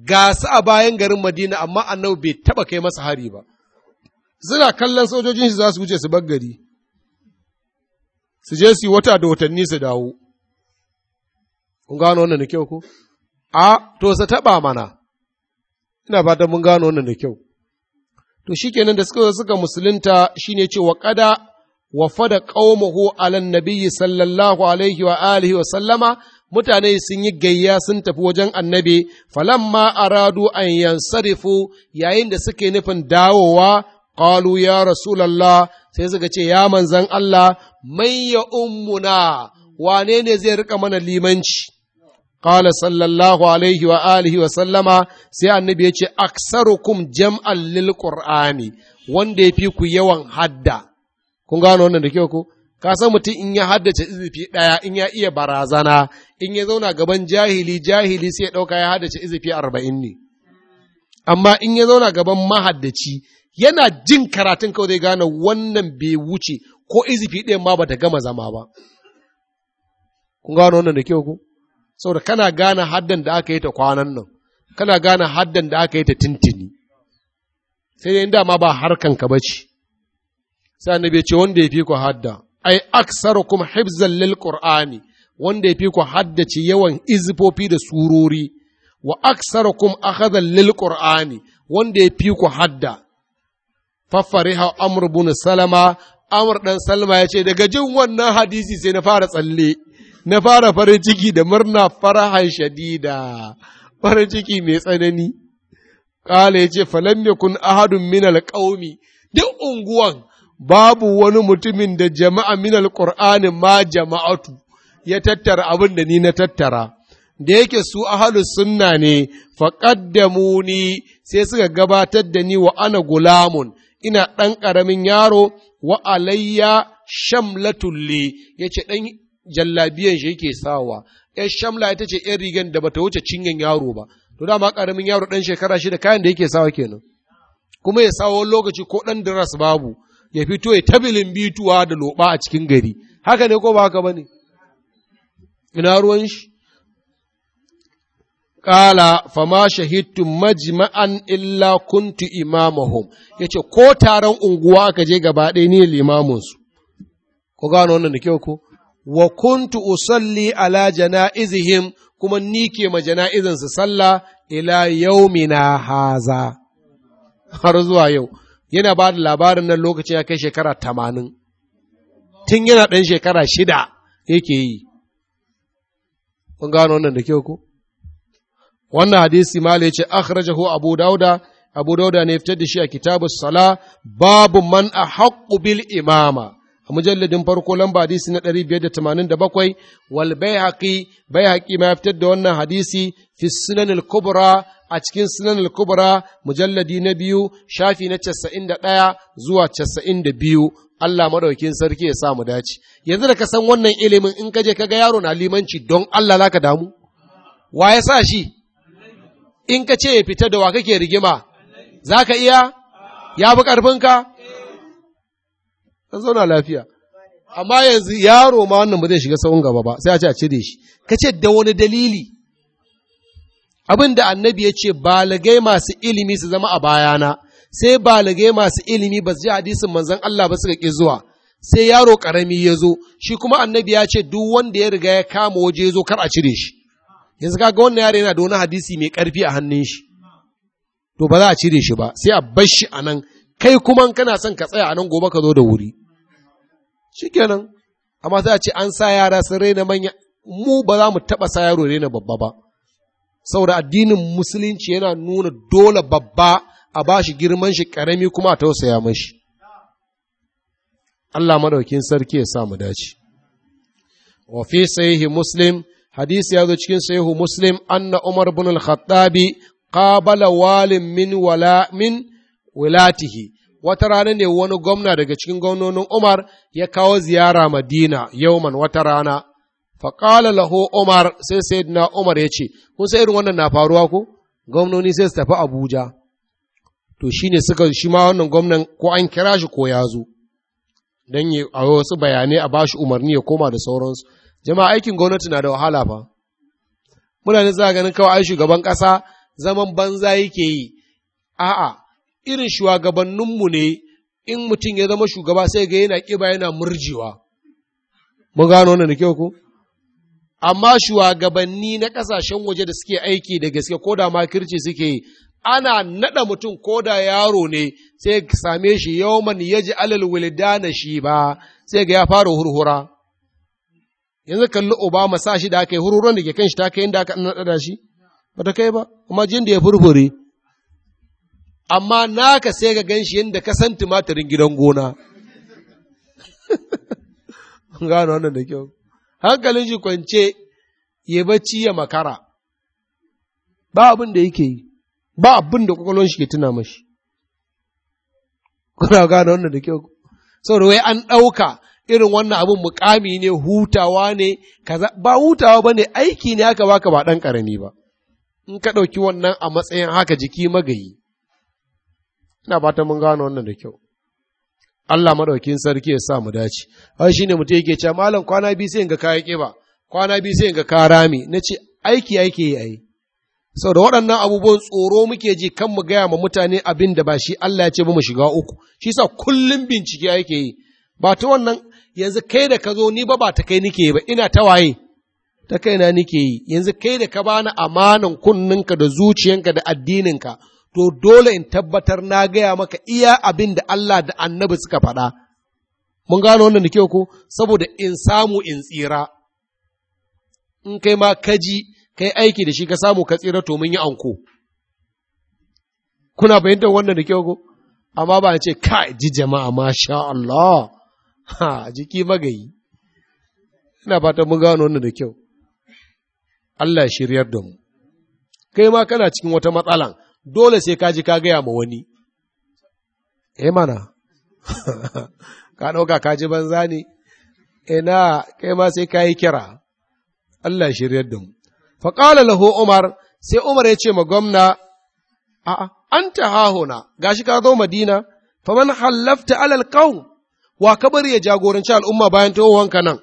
ga su a bayan garin Madina amma annabi bai taba kai masa hari ba suna kallon sojojin shi za su wuce su bar gari su je su yi wata da watanni su dawo Kun gano wannan da kyau ko? A, to sa taɓa mana, ina fatan mun gano wannan da kyau. To shi kenan da suka suka musulunta shi ne cewa kada wa fada ƙaumahu alan nabiyyi sallallahu alaihi wa alihi wa sallama mutane sun yi gayya sun tafi wajen annabi falamma aradu an yansarifu yayin da suke nufin dawowa qalu ya rasulullah sai suka ce ya manzan Allah mai ya ummuna wane ne zai rika mana limanci Kala sallallahu alaihi wa alihi wa sallama sai annabi ya ce, Aksarukum jam'an lil Qur'ani, wanda ya fi ku yawan hadda. Kun gano wannan da kyau ku? Ka san mutum in ya haddace izifi ɗaya, in ya iya barazana, in ya zauna gaban jahili, jahili sai ya ɗauka ya haddace izifi arba'in ne. Amma in ya zauna gaban mahaddaci, yana jin karatun kawai zai gane wannan bai wuce ko izifi ɗayan ma bata gama zama ba. Kun gano wannan da kyau ku? saboda kana gane haddan da aka yi ta kwanan nan kana gane haddan da aka yi ta tintini sai dai dama ba harkan ka bace sai annabi ce wanda ya fi ku hadda ai aksarukum hifzan lil qur'ani wanda ya fi ku haddace yawan izifofi da surori wa aksarukum akhadhan lil qur'ani wanda ya fi ku hadda faffariha amr ibn salama amr dan salma ya ce daga jin wannan hadisi sai na fara tsalle na fara farin ciki da murna farahan shadida farin ciki mai tsanani kala yace falam kun ahadun min ƙaumi duk unguwan babu wani mutumin da jama'a minal alqur'ani ma jama'atu ya tattara abin da ni na tattara da yake su ahalus sunna ne muni sai suka gabatar da ni wa ana gulamun ina ɗan ƙaramin yaro wa alayya shamlatulli ya ce ɗan jallabiyan shi yake sawa yar shamla ita ce yar rigan da bata wuce cinyan yaro ba to dama karamin yaro dan shekara shida kayan da yake sawa kenan kuma ya sawo lokaci ko dan daras babu ya fito ya tabilin bituwa da loba a cikin gari haka ne ko ba haka bane ina ruwan shi Ƙala fama shahidtu majma'an illa kuntu imamahum yace Ko taron unguwa aka je gaba ɗaya ne limaminsu, ko gano wannan da kyau ko? wa kuntu usalli ala jana'izihim kuma ni ke ma su sallah ila yaumina haza har zuwa yau yana ba da labarin nan lokacin ya kai shekara tamanin tun yana ɗan shekara shida yake yi kun gano wannan da kyau ko wannan hadisi Mali ya ce akhrajahu abu dauda abu dauda ne fitar da shi a kitabu sala babu man a bil imama a mujalladin farko lamba hadisi na 587 wal baihaqi baihaqi ma fitar da wannan hadisi fi sunan al-kubra a cikin sunan al-kubra mujalladi na biyu shafi na 91 zuwa 92 Allah madaukin sarki ya sa mu dace yanzu da ka san wannan ilimin in ka je ka yaro na limanci don Allah zaka damu wa ya sa shi in ka ce ya fita da wa kake rigima zaka iya ya bi ƙarfinka an zauna lafiya amma yanzu yaro ma wannan ba zai shiga sahun gaba ba sai a ce a cire shi ka ce da wani dalili abin da annabi ya ce balagai masu ilimi su zama a bayana sai balagai masu ilimi ba su ji hadisin manzon Allah ba suka ƙi zuwa sai yaro karami ya zo shi kuma annabi ya ce duk wanda ya riga ya kama waje ya zo kar a cire shi yanzu kaga wannan yare yana da wani hadisi mai ƙarfi a hannun shi to ba za a cire shi ba sai a bar shi a nan kai kuma kana son ka tsaya a nan gobe ka zo da wuri shikenan amma za a ce an sa yara sun raina manya mu ba za mu taɓa sa yaro raina babba ba saboda addinin musulunci yana nuna dole babba a ba shi girman shi karami kuma a tausaya mashi Allah maɗaukin sarki ya sa mu dace wa fi sahihi muslim hadisi ya zo cikin sahihu muslim anna umar ibn al-khattabi qabala walin min wala min wilatihi wata rana ne wani gwamna daga cikin gwamnonin Umar ya kawo ziyara Madina yauman wata rana. Faƙala laho Umar sai Sayyidina Umar ya ce, Kun sai irin wannan na faruwa ku? Gwamnoni sai su tafi Abuja. To shi ne suka shi ma wannan gwamnan ko an kira shi ko ya zo. Don yi a wasu bayanai a bashi umarni ya koma da sauransu. Jama'a aikin gwamnati na da wahala fa. Muna ne za ganin kawai ai shugaban ƙasa zaman banza yake yi. A'a, irin shugabanninmu ne in mutum ya zama shugaba sai ga yana ƙiba yana murjewa. Mun gano wannan da kyau ku? Amma shugabanni na ƙasashen waje da suke aiki da gaske ko da makirci suke yi, ana naɗa mutum ko da yaro ne sai same shi yawman ya ji alal na shi ba sai ga ya fara hurhura. Yanzu kalli Obama sa shi da aka yi hurhuran da ke kan shi ta kai inda aka naɗa shi? Ba ta kai ba, kuma jin da ya furfure. amma naka sai ka gan shi yadda ka san tumatirin gidan gona. Gano wannan da kyau. Hankalin shi kwance ya bacci ya makara, ba abin da yake yi, ba abin da kwakwalon shi ke tuna mashi. Kuna gano wannan da kyau. Saboda wai an ɗauka irin wannan abin mukami ne hutawa ne kaza ba hutawa ba ne aiki ne haka baka ba ɗan ƙarami ba in ka ɗauki wannan a matsayin haka jiki magayi ina fatan mun gano wannan da kyau Allah madaukin sarki ya sa mu dace har shine mutum yake cewa malam kwana biyu sai in ga kaya kiba kwana biyu sai in ga kaya rami nace aiki aiki yi ai saboda waɗannan abubuwan tsoro muke ji kan mu gaya ma mutane abin da ba shi Allah ya ce ba mu shiga uku shi sa kullum bincike yake yi ba ta wannan yanzu kai da ka zo ni ba ba ta kai nike ba ina ta waye ta kaina nike yi yanzu kai da ka bani amanan kunninka da zuciyanka da addininka to dole in tabbatar na gaya maka iya abin da Allah da annabi suka faɗa. Mun gano wannan da kyau ko, saboda in samu in tsira, in kai ma kaji, kai aiki da shi ka samu ka tsira to mun yi anko. Kuna bayyantar wannan da kyau ko? Amma ba ce, ka ji jama'a masha Allah, ha, jiki magayi. Ina fatan mun gano wannan da kyau. Allah shiryar da mu. Kai ma kana cikin wata matsalan, dole sai ka ji ka gaya ma wani. E mana, ka ɗauka ka banza ne, ina kai ma sai ka yi kira, Allah shirya da mu. Faƙala laho Umar, sai Umar ya ce ma gwamna, a'a, an ta hahuna, gashi ka zo Madina, man hallafta alal qaum wa kabar ya jagoranci al'umma bayan ta wanka nan.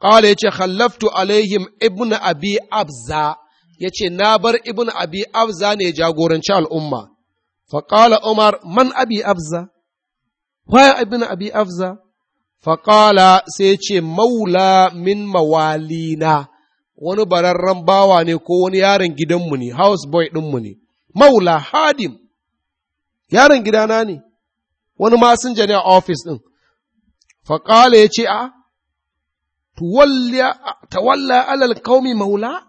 Ƙala ya ce, Hallaftu alaihim ibn abi abza, ya ce na bar ibn abi abza ne jagoranci al'umma faƙala umar man abi abza waya ibn abi abza faƙala sai ce maula min mawalina wani bararren bawa ne ko wani yaron gidanmu ne house boy ɗinmu ne maula hadim yaron gidana ne wani masinja ne a ofis ɗin faƙala ya ce a tawalla alal kaumi maula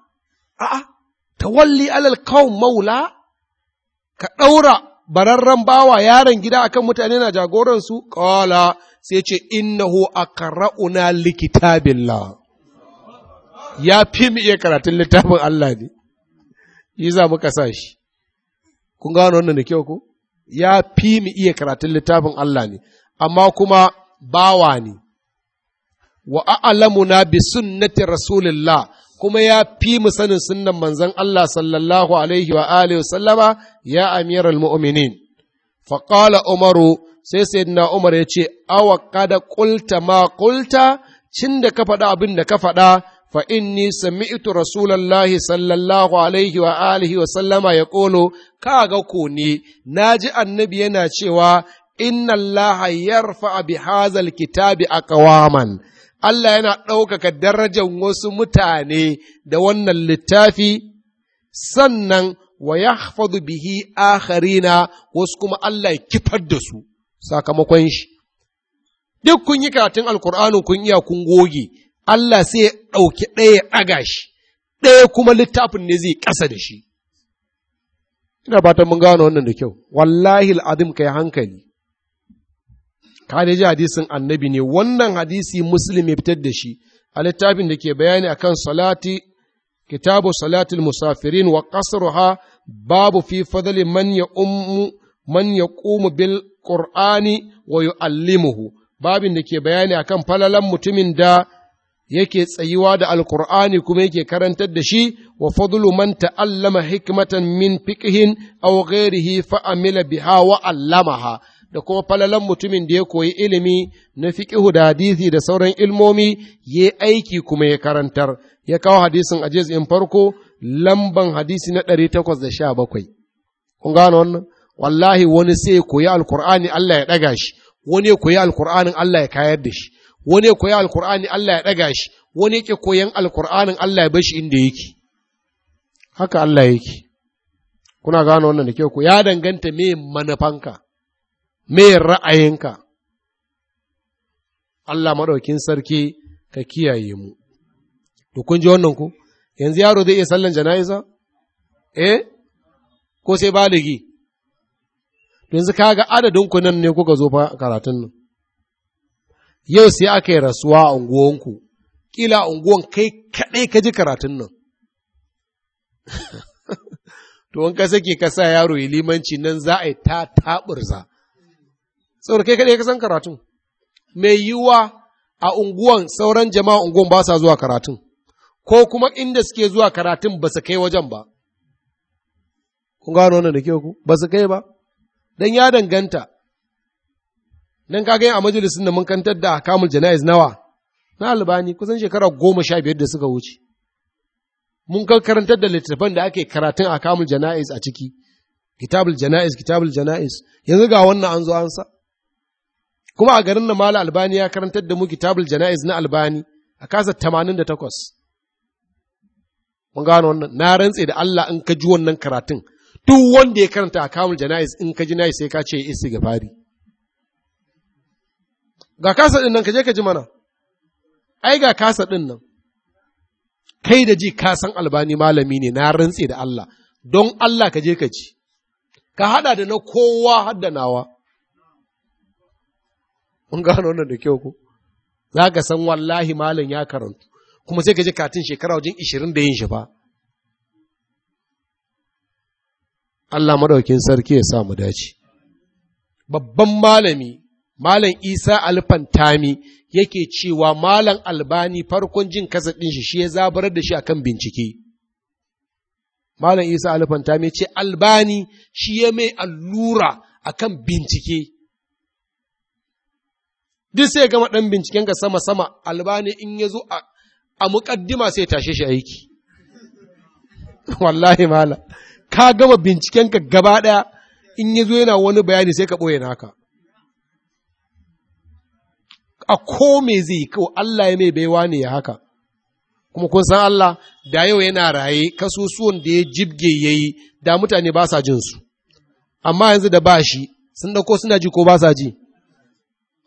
a'a tawalli alal kawun maula, ka ɗaura bararren bawa yaron gida akan mutane na jagoransu, ƙala sai ce innahu akara'una la? ya fi mu iya karatun littafin Allah ne, yi za muka sa shi, kun gano wannan da kyau ko? Ya fi mu iya karatun littafin Allah ne, amma kuma bawa ne, wa a'alamuna bi sunnati rasulillah kuma ya fi mu sanin sunnan manzon Allah sallallahu alaihi wa alihi wa sallama ya amiral mu'minin fa qala umaru sai sayyidina umar ya ce awa kada qulta ma qulta cin da ka faɗa abin da ka faɗa fa inni sami'tu rasulullahi sallallahu alaihi wa alihi wa sallama ya kolo ga ko ne naji annabi yana cewa inna allaha yarfa bi hadzal kitabi aqwaman Allah yana ɗaukaka darajar wasu mutane da wannan littafi, sannan wa ya bihi akharina wasu kuma Allah ya kifar da su sakamakon shi. Duk kun yi karatun Alkur'anu kun iya kun goge, Allah sai ya ɗauki ɗaya ya ɗaga shi, ɗaya kuma littafin ne zai ƙasa da shi. Ina ta mun gano wannan da kyau, wallahi al'adim ka hankali. kada ji hadisin annabi ne wannan hadisi muslim ya fitar da shi a littafin da ke bayani akan salati kitabu salatul musafirin wa qasruha babu fi fadli man ya ummu man ya bil qur'ani wa yuallimuhu babin da ke bayani akan falalan mutumin da yake tsayuwa da alkur'ani kuma yake karantar da shi wa fadlu man ta'allama hikmatan min fiqhin aw ghairihi fa amila biha wa allamaha da kuma falalan mutumin da ya koyi ilimi na fiƙihu da hadisi da sauran ilmomi ya aiki kuma ya karantar ya kawo hadisin a in farko lamban hadisi na ɗari takwas da sha bakwai kun gano wannan wallahi wani sai ya koyi alkur'ani Allah ya ɗaga shi wani ya koyi alkur'anin Allah ya kayar da shi wani ya koyi alkur'ani Allah ya ɗaga shi wani yake koyan alkur'anin Allah ya bar shi inda yake haka Allah yake kuna gano wannan da kyau ku ya danganta me manufanka me ra'ayinka Allah maɗaukin sarki ka kiyaye mu to kun ji wannan ku yanzu yaro zai iya sallan jana'iza eh ko sai baligi yanzu kaga adadin ku nan ne kuka zo fa karatun nan yau sai aka yi rasuwa a unguwanku kila unguwan kai kaɗai ka ji karatun nan to in ka sake ka sa yaro ya limanci nan za a yi ta taɓurza saboda kai kaɗai ka san karatun mai yiwuwa a unguwan sauran jama'a unguwan ba sa zuwa karatun ko kuma inda suke zuwa karatun ba su kai wajen ba kun gano wannan da ke ku ba su kai ba dan ya danganta dan kaga yin a majalisin da mun kantar da kamul jana'iz nawa na albani kusan shekara goma sha biyar da suka wuce mun karantar da littattafan da ake karatun a kamul jana'iz a ciki kitabul jana'iz kitabul jana'iz yanzu ga wannan an zo an sa kuma a garin Namala Albani ya karantar da mu kitabul jana'iz na Albani a kasa 88 mun gano wannan na rantse da Allah in ka ji wannan karatun duk wanda ya karanta a kamul jana'iz in ka ji nayi sai ka ce istighfari ga kasa din nan ka je ka ji mana ai ga kasa din nan kai da ji ka san Albani malami ne na rantse da Allah don Allah ka je ka ji ka hada da na kowa har da nawa Mun gano wannan da kyau ko? Za ka san wallahi malam ya karantu, kuma sai ka je katin shekara wajen ishirin da yin shi ba. Allah maɗaukin sarki ya sa mu dace. Babban malami, Malam Isa Alfantami yake cewa Malam Albani farkon jin kasadin shi shi ya zabarar da shi akan bincike. Malam Isa Alfantami ce Albani shi ya mai allura akan bincike. duk sai gama ɗan binciken ka sama-sama albani in ya zo a muƙaddima sai tashe shi aiki wallahi mala ka gama binciken ka gaba ɗaya in ya zo yana wani bayani sai ka ɓoye naka a ko me zai kawo Allah ya mai baiwa ne ya haka kuma kun san Allah da yau yana raye kasusuwan da ya jibge ya yi da mutane ba sa jin amma yanzu da ba shi sun ɗauko suna ji ko ba sa ji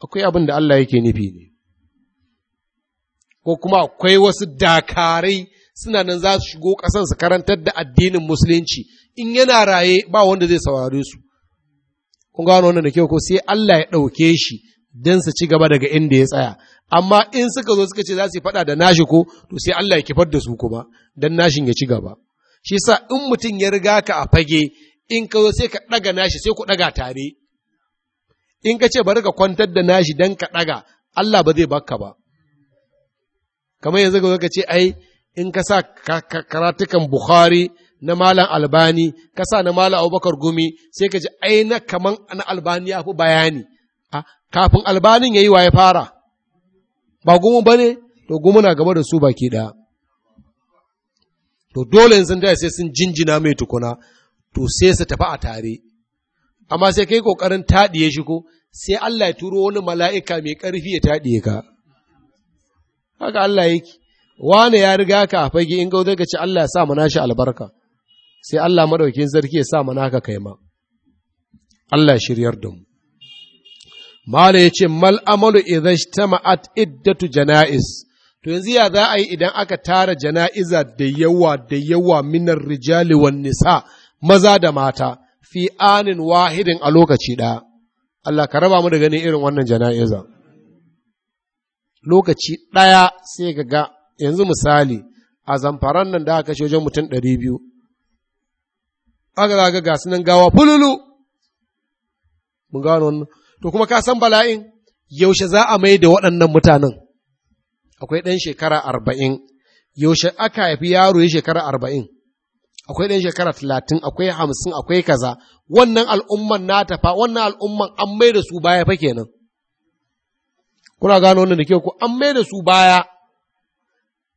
akwai abin da Allah yake nufi ne ko kuma akwai wasu dakarai suna nan za su shigo ƙasar su karantar da addinin musulunci in yana raye ba wanda zai saurare su kun gano wannan da kyau ko sai Allah ya ɗauke shi don su ci gaba daga inda ya tsaya amma in suka zo suka ce za su yi faɗa da nashi ko to sai Allah ya kifar da su kuma don nashin ya ci gaba shi sa in mutum ya riga ka a fage in ka zo sai ka ɗaga nashi sai ku ɗaga tare in ka ce bari ka kwantar da nashi dan ka ɗaga Allah ba zai baka ba kamar yanzu ga ka ce ai in ka sa karatukan Bukhari na Malam Albani ka sa na Malam Abubakar Gumi sai ka ji ai na kaman na Albani ya fi bayani kafin albanin ya yi wa ya fara, ba gumu ba ne, to gumu na gaba da su baki ɗaya. To dole sun da sai sun jinjina mai tukuna, to sai su tafi a tare, amma sai kai kokarin taɗiye shi ko sai Allah ya turo wani mala'ika mai ƙarfi ya taɗiye ka haka Allah yake wane ya riga ka a fage in gaudar ka ce Allah ya sa mana shi albarka sai Allah maɗaukin zarki ya sa mana haka kai ma Allah shiryar da mu Mala ya ce, Mal amalu idan ma'at iddatu jana'iz, to yanzu ya za a yi idan aka tara jana'iza da yawa da yawa minar rijali wan nisa maza da mata, fi anin wahidin a lokaci ɗaya. Allah ka raba mu da gani irin wannan jana'iza. Lokaci ɗaya sai ka ga yanzu misali a zamfaran nan da aka kashe wajen mutum ɗari biyu. Aka zaga ga sunan gawa fululu. Mun gano wannan. To kuma ka san bala'in yaushe za a mai da waɗannan mutanen. Akwai ɗan shekara arba'in. Yaushe aka haifi yaro ya shekara arba'in. akwai ɗan shekara talatin akwai hamsin akwai kaza wannan al'umman na tafa wannan al'umman an mai da su baya fa kenan kuna gano wannan da ke ku an mai da su baya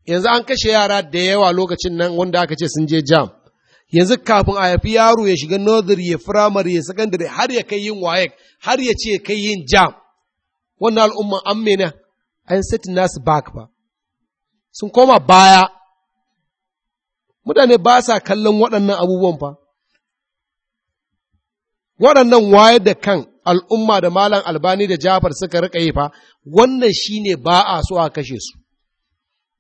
yanzu an kashe yara da yawa lokacin nan wanda aka ce sun je jam yanzu kafin a haifi yaro ya shiga nursery ya firamare ya sakandare har ya kai yin wayek har ya ce kai yin jam wannan al'umman an mena an set nasu back ba sun koma baya mutane ba sa kallon waɗannan abubuwan fa. Waɗannan wayar da kan al'umma da malam albani da jafar suka riƙa yi fa, wannan shi ne ba a so a kashe su.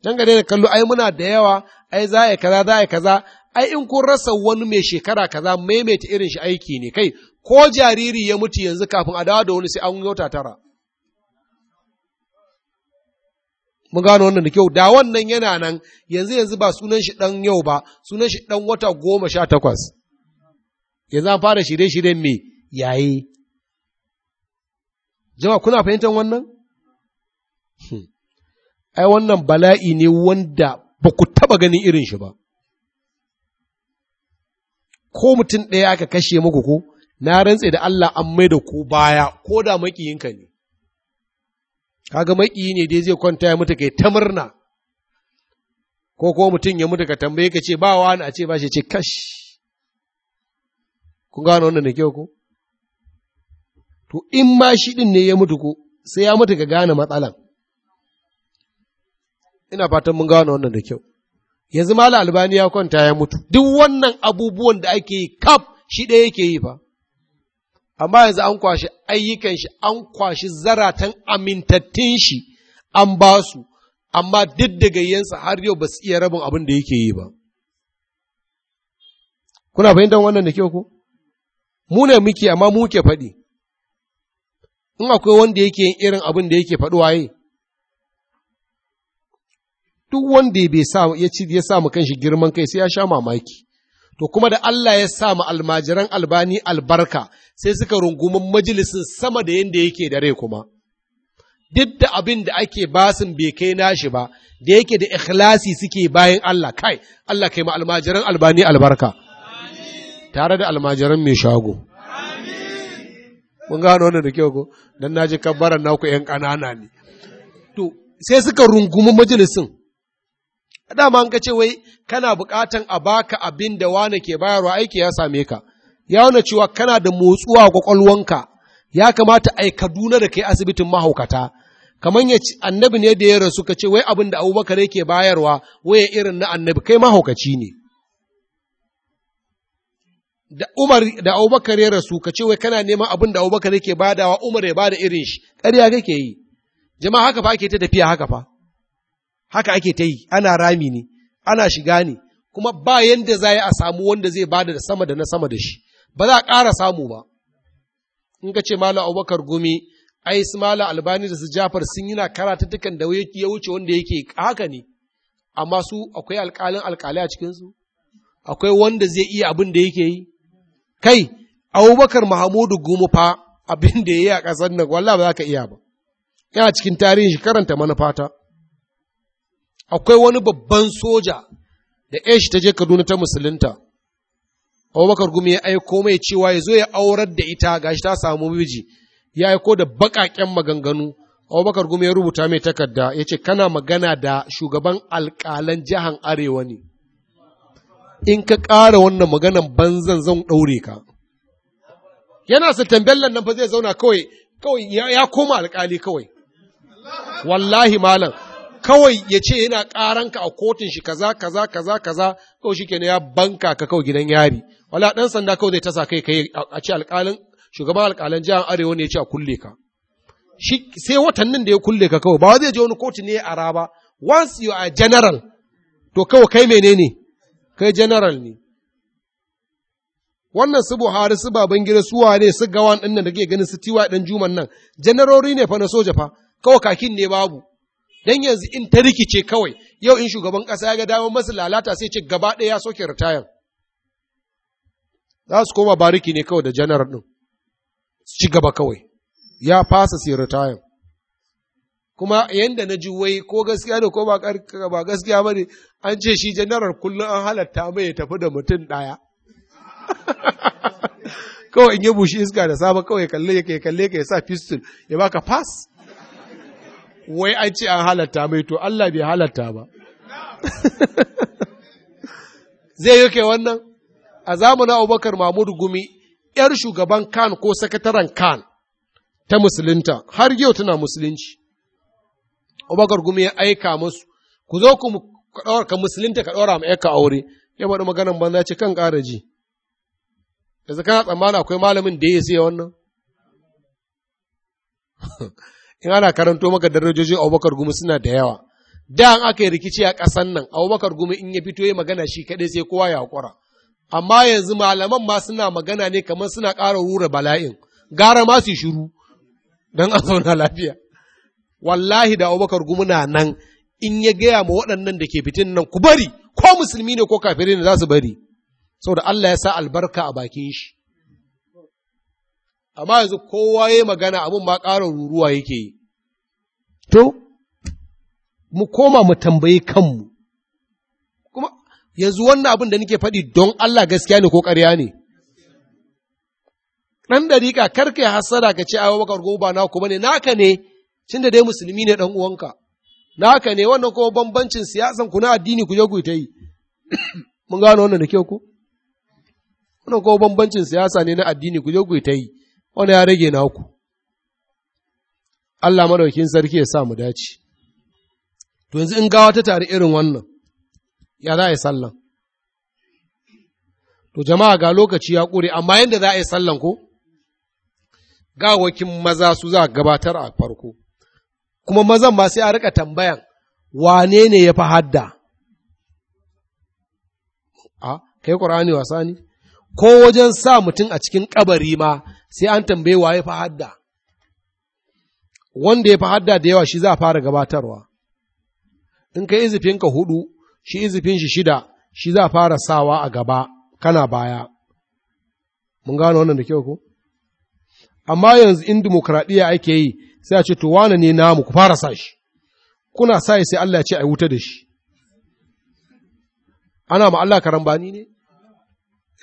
Can gane da kallo, ai muna da yawa, ai za a yi kaza, za a yi kaza, ai in kun rasa wani mai shekara kaza maimaita irin shi aiki ne, kai, ko jariri ya mutu yanzu kafin a dawo da wani sai an wata tara. mun gano wannan da kyau da wannan yana nan yanzu yanzu ba sunan shi dan yau ba sunan shi dan wata goma sha takwas yanzu an fara shirye-shiryen me yayi jama'a kuna fahimtar wannan hmm. ai wannan bala'i ne wanda ba ku taba ganin irin shi ba ko mutum ɗaya aka kashe muku ko na rantse da Allah an mai da ku baya ko da makiyinka ne kaga maƙi ne dai zai kwanta ya mutu kai ta murna ko ko mutum ya mutu ka tambaye ka ce ba wani a ce ba shi ce kash kun gano wannan da kyau ko to in ma shi din ne ya mutu ko sai ya mutu ka gane matsalan ina fatan mun gano wannan da kyau yanzu mala albani ya kwanta ya mutu duk wannan abubuwan da ake yi kaf shi ɗaya yake yi fa amma yanzu an kwashi ayyukan shi an kwashi zaratan amintattun shi an ba su amma duk da gayyansa har yau ba su iya rabin abin da yake yi ba kuna fahimtar wannan da kyau ko mu ne muke amma mu ke faɗi in akwai wanda yake yin irin abin da yake faɗi waye duk wanda bai sa ya ci ya sa mu kanshi girman kai sai ya sha mamaki to kuma da Allah ya sa mu almajiran albani albarka sai suka rungumin majalisin sama da yadda yake da rai kuma duk da abin da ake basin bai kai nashi ba da yake da ikhlasi suke bayan Allah kai Allah kai ma almajiran albani albarka tare da almajiran mai shago mun gano wannan da kyau ko dan naji kabbaran naku yan kanana ne to sai suka rungumi majalisin dama an ka ce wai kana bukatan a baka abin da wane ke bayarwa aiki ya same ka ya nuna cewa kana da motsuwa kwakwalwanka ya kamata a yi kaduna da kai asibitin mahaukata kamar ya annabi ne da ya rasu ka ce wai abin da abubakar yake bayarwa waya irin na annabi kai mahaukaci ne da umar da abubakar ya rasu ka ce wai kana neman abin da abubakar yake badawa umar ya bada irin shi ƙarya kake yi jama'a haka fa ake ta tafiya haka fa haka ake ta yi ana rami ne ana shiga ne kuma ba yanda za a samu wanda zai bada da sama da na sama da shi ba za a ƙara samu ba in ka ce Malam abubakar gumi ai su Malam albani da su jafar sun yi na karatattukan da ya wuce wanda yake haka ne amma su akwai alƙalin alƙalai a cikinsu akwai wanda zai iya abin da yake yi kai abubakar mahamudu Gumi fa abin da ya yi a ƙasar nan wallah ba za ka iya ba yana cikin tarihin shi karanta manufata akwai wani babban soja da shi ta je kaduna ta musulunta abubakar gumi ya aiko mai cewa ya zo ya aurar da ita ga shi ta samu miji ya aiko da baƙaƙen maganganu abubakar gumi ya rubuta mai takarda ya ce kana magana da shugaban alƙalan jihar arewa ne in ka ƙara wannan maganan banzan zan ɗaure ka yana su tambellan nan fa zai zauna kawai kawai ya koma alƙali kawai wallahi malam kawai ya ce yana ƙaranka a kotun shi kaza kaza kaza kaza kawai shi ya banka ka kawai gidan yari wala ɗan sanda kawai zai tasa kai kai a ce alƙalin shugaban alƙalin jihar arewa ne ya ce a kulle ka shi sai watannin da ya kulle ka kawai ba zai je wani kotu ne a raba once you are general to kawai kai menene kai general ne wannan su Buhari su Babangida su wane su gawan ɗin nan da ke ganin su tiwa ɗan juman nan Generori ne fa na soja fa kawai kakin ne babu dan yanzu in ta rikice kawai yau in shugaban ƙasa ya ga dawo masu lalata sai ce gaba ɗaya ya soke ritayar za su koma bariki ne kawai da janar ɗin su ci gaba kawai ya fasa sai retire kuma yanda na ji wai ko gaskiya ne ko ba gaskiya ba ne an ce shi janaral kullum an halatta mai ya tafi da mutum ɗaya kawai in yi bushe iska da sabon kawai kalle ya kalle ka ya sa pistol ya baka pass wai an ce an halatta mai to Allah bai halatta ba zai yi kai wannan a zamanin abubakar mahmud gumi ‘yar shugaban kan ko sakataren kan ta musulunta har yau tana musulunci abubakar gumi ya aika musu ku zo ku ka musulunta ka ɗora ma aika aure ya faɗi maganan banza ce kan ƙara ji yanzu kana tsammani akwai malamin da ya sai wannan in ana karanto maka darajoji abubakar gumi suna da yawa da an aka yi rikici a ƙasan nan abubakar gumi in ya fito ya magana shi kaɗai sai kowa ya haƙura amma yanzu malaman ma suna magana ne kamar suna ƙara wura bala'in gara ma su shiru don a zauna lafiya wallahi da abubakar gumuna nan in ya gaya ma waɗannan da ke fitin nan ku bari ko musulmi ne ko kafirai ne za su bari saboda Allah ya sa albarka a bakin shi amma yanzu kowa ya magana abin ma ƙara ruruwa yake yi to mu koma mu tambayi kanmu yanzu wannan abin da nake faɗi don Allah gaskiya ne ko ƙarya ne ɗan dariƙa kar ya hasara ka ce abubakar ko ba naku bane naka ne cin da dai musulmi ne ɗan uwanka naka ne wannan kuma bambancin siyasan ku na addini ku je ku ta yi mun gano wannan da kyau ku wannan kuma bambancin siyasa ne na addini ku je ku ta yi wannan ya rage naku Allah madaukin sarki ya sa mu dace to yanzu in gawa ta tare irin wannan ya za a yi sallan to jama'a ga lokaci ya ƙure amma yadda za a yi sallan ko gawakin maza su za a gabatar a farko kuma mazan ma sai a rika tambayan wane ne ya fi hadda a kai ƙorani wasa ne ko wajen sa mutum a cikin kabari ma sai an tambaye wa ya fi hadda wanda ya fi hadda da yawa shi za a fara gabatarwa in ka izifinka hudu shi izifin shi shida shi za fara sawa a gaba kana baya mun gano wannan da kyau ko amma yanzu in dimokuraɗiyya ake yi sai a ce to wane ne namu ku fara sa shi kuna sa sai Allah ya ce a wuta da shi ana ma Allah karambani ne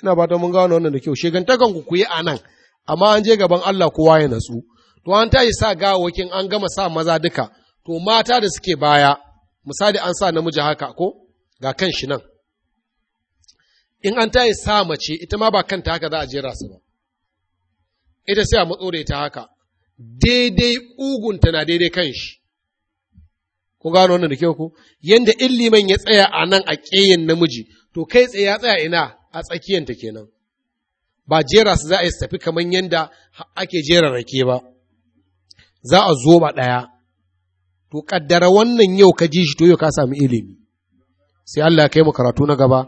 ina ba ta mun gano wannan da kyau shegantakan ku ku yi a nan amma an je gaban Allah kowa ya natsu to an ta yi sa gawakin an gama sa maza duka to mata da suke baya misali an sa namiji haka ko ga kan shi nan in an yi sa mace ita ma ba kanta haka za a jera su ba ita sai a matso da ita haka daidai ugunta na daidai kan shi ku gano wannan da kyau ku yanda illiman ya tsaya a nan a ƙeyin namiji to kai tsaye ya tsaya ina a tsakiyanta kenan ba jera su za a yi tafi kamar yanda ake jera rake ba za a zo ba ɗaya to kaddara wannan yau ka ji shi to yau ka samu ilimi sai Allah ya kai mu karatu na gaba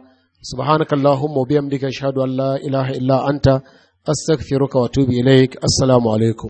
subhanakallahumma wa bihamdika ashhadu an la ilaha illa anta astaghfiruka wa atubu ilaik assalamu alaikum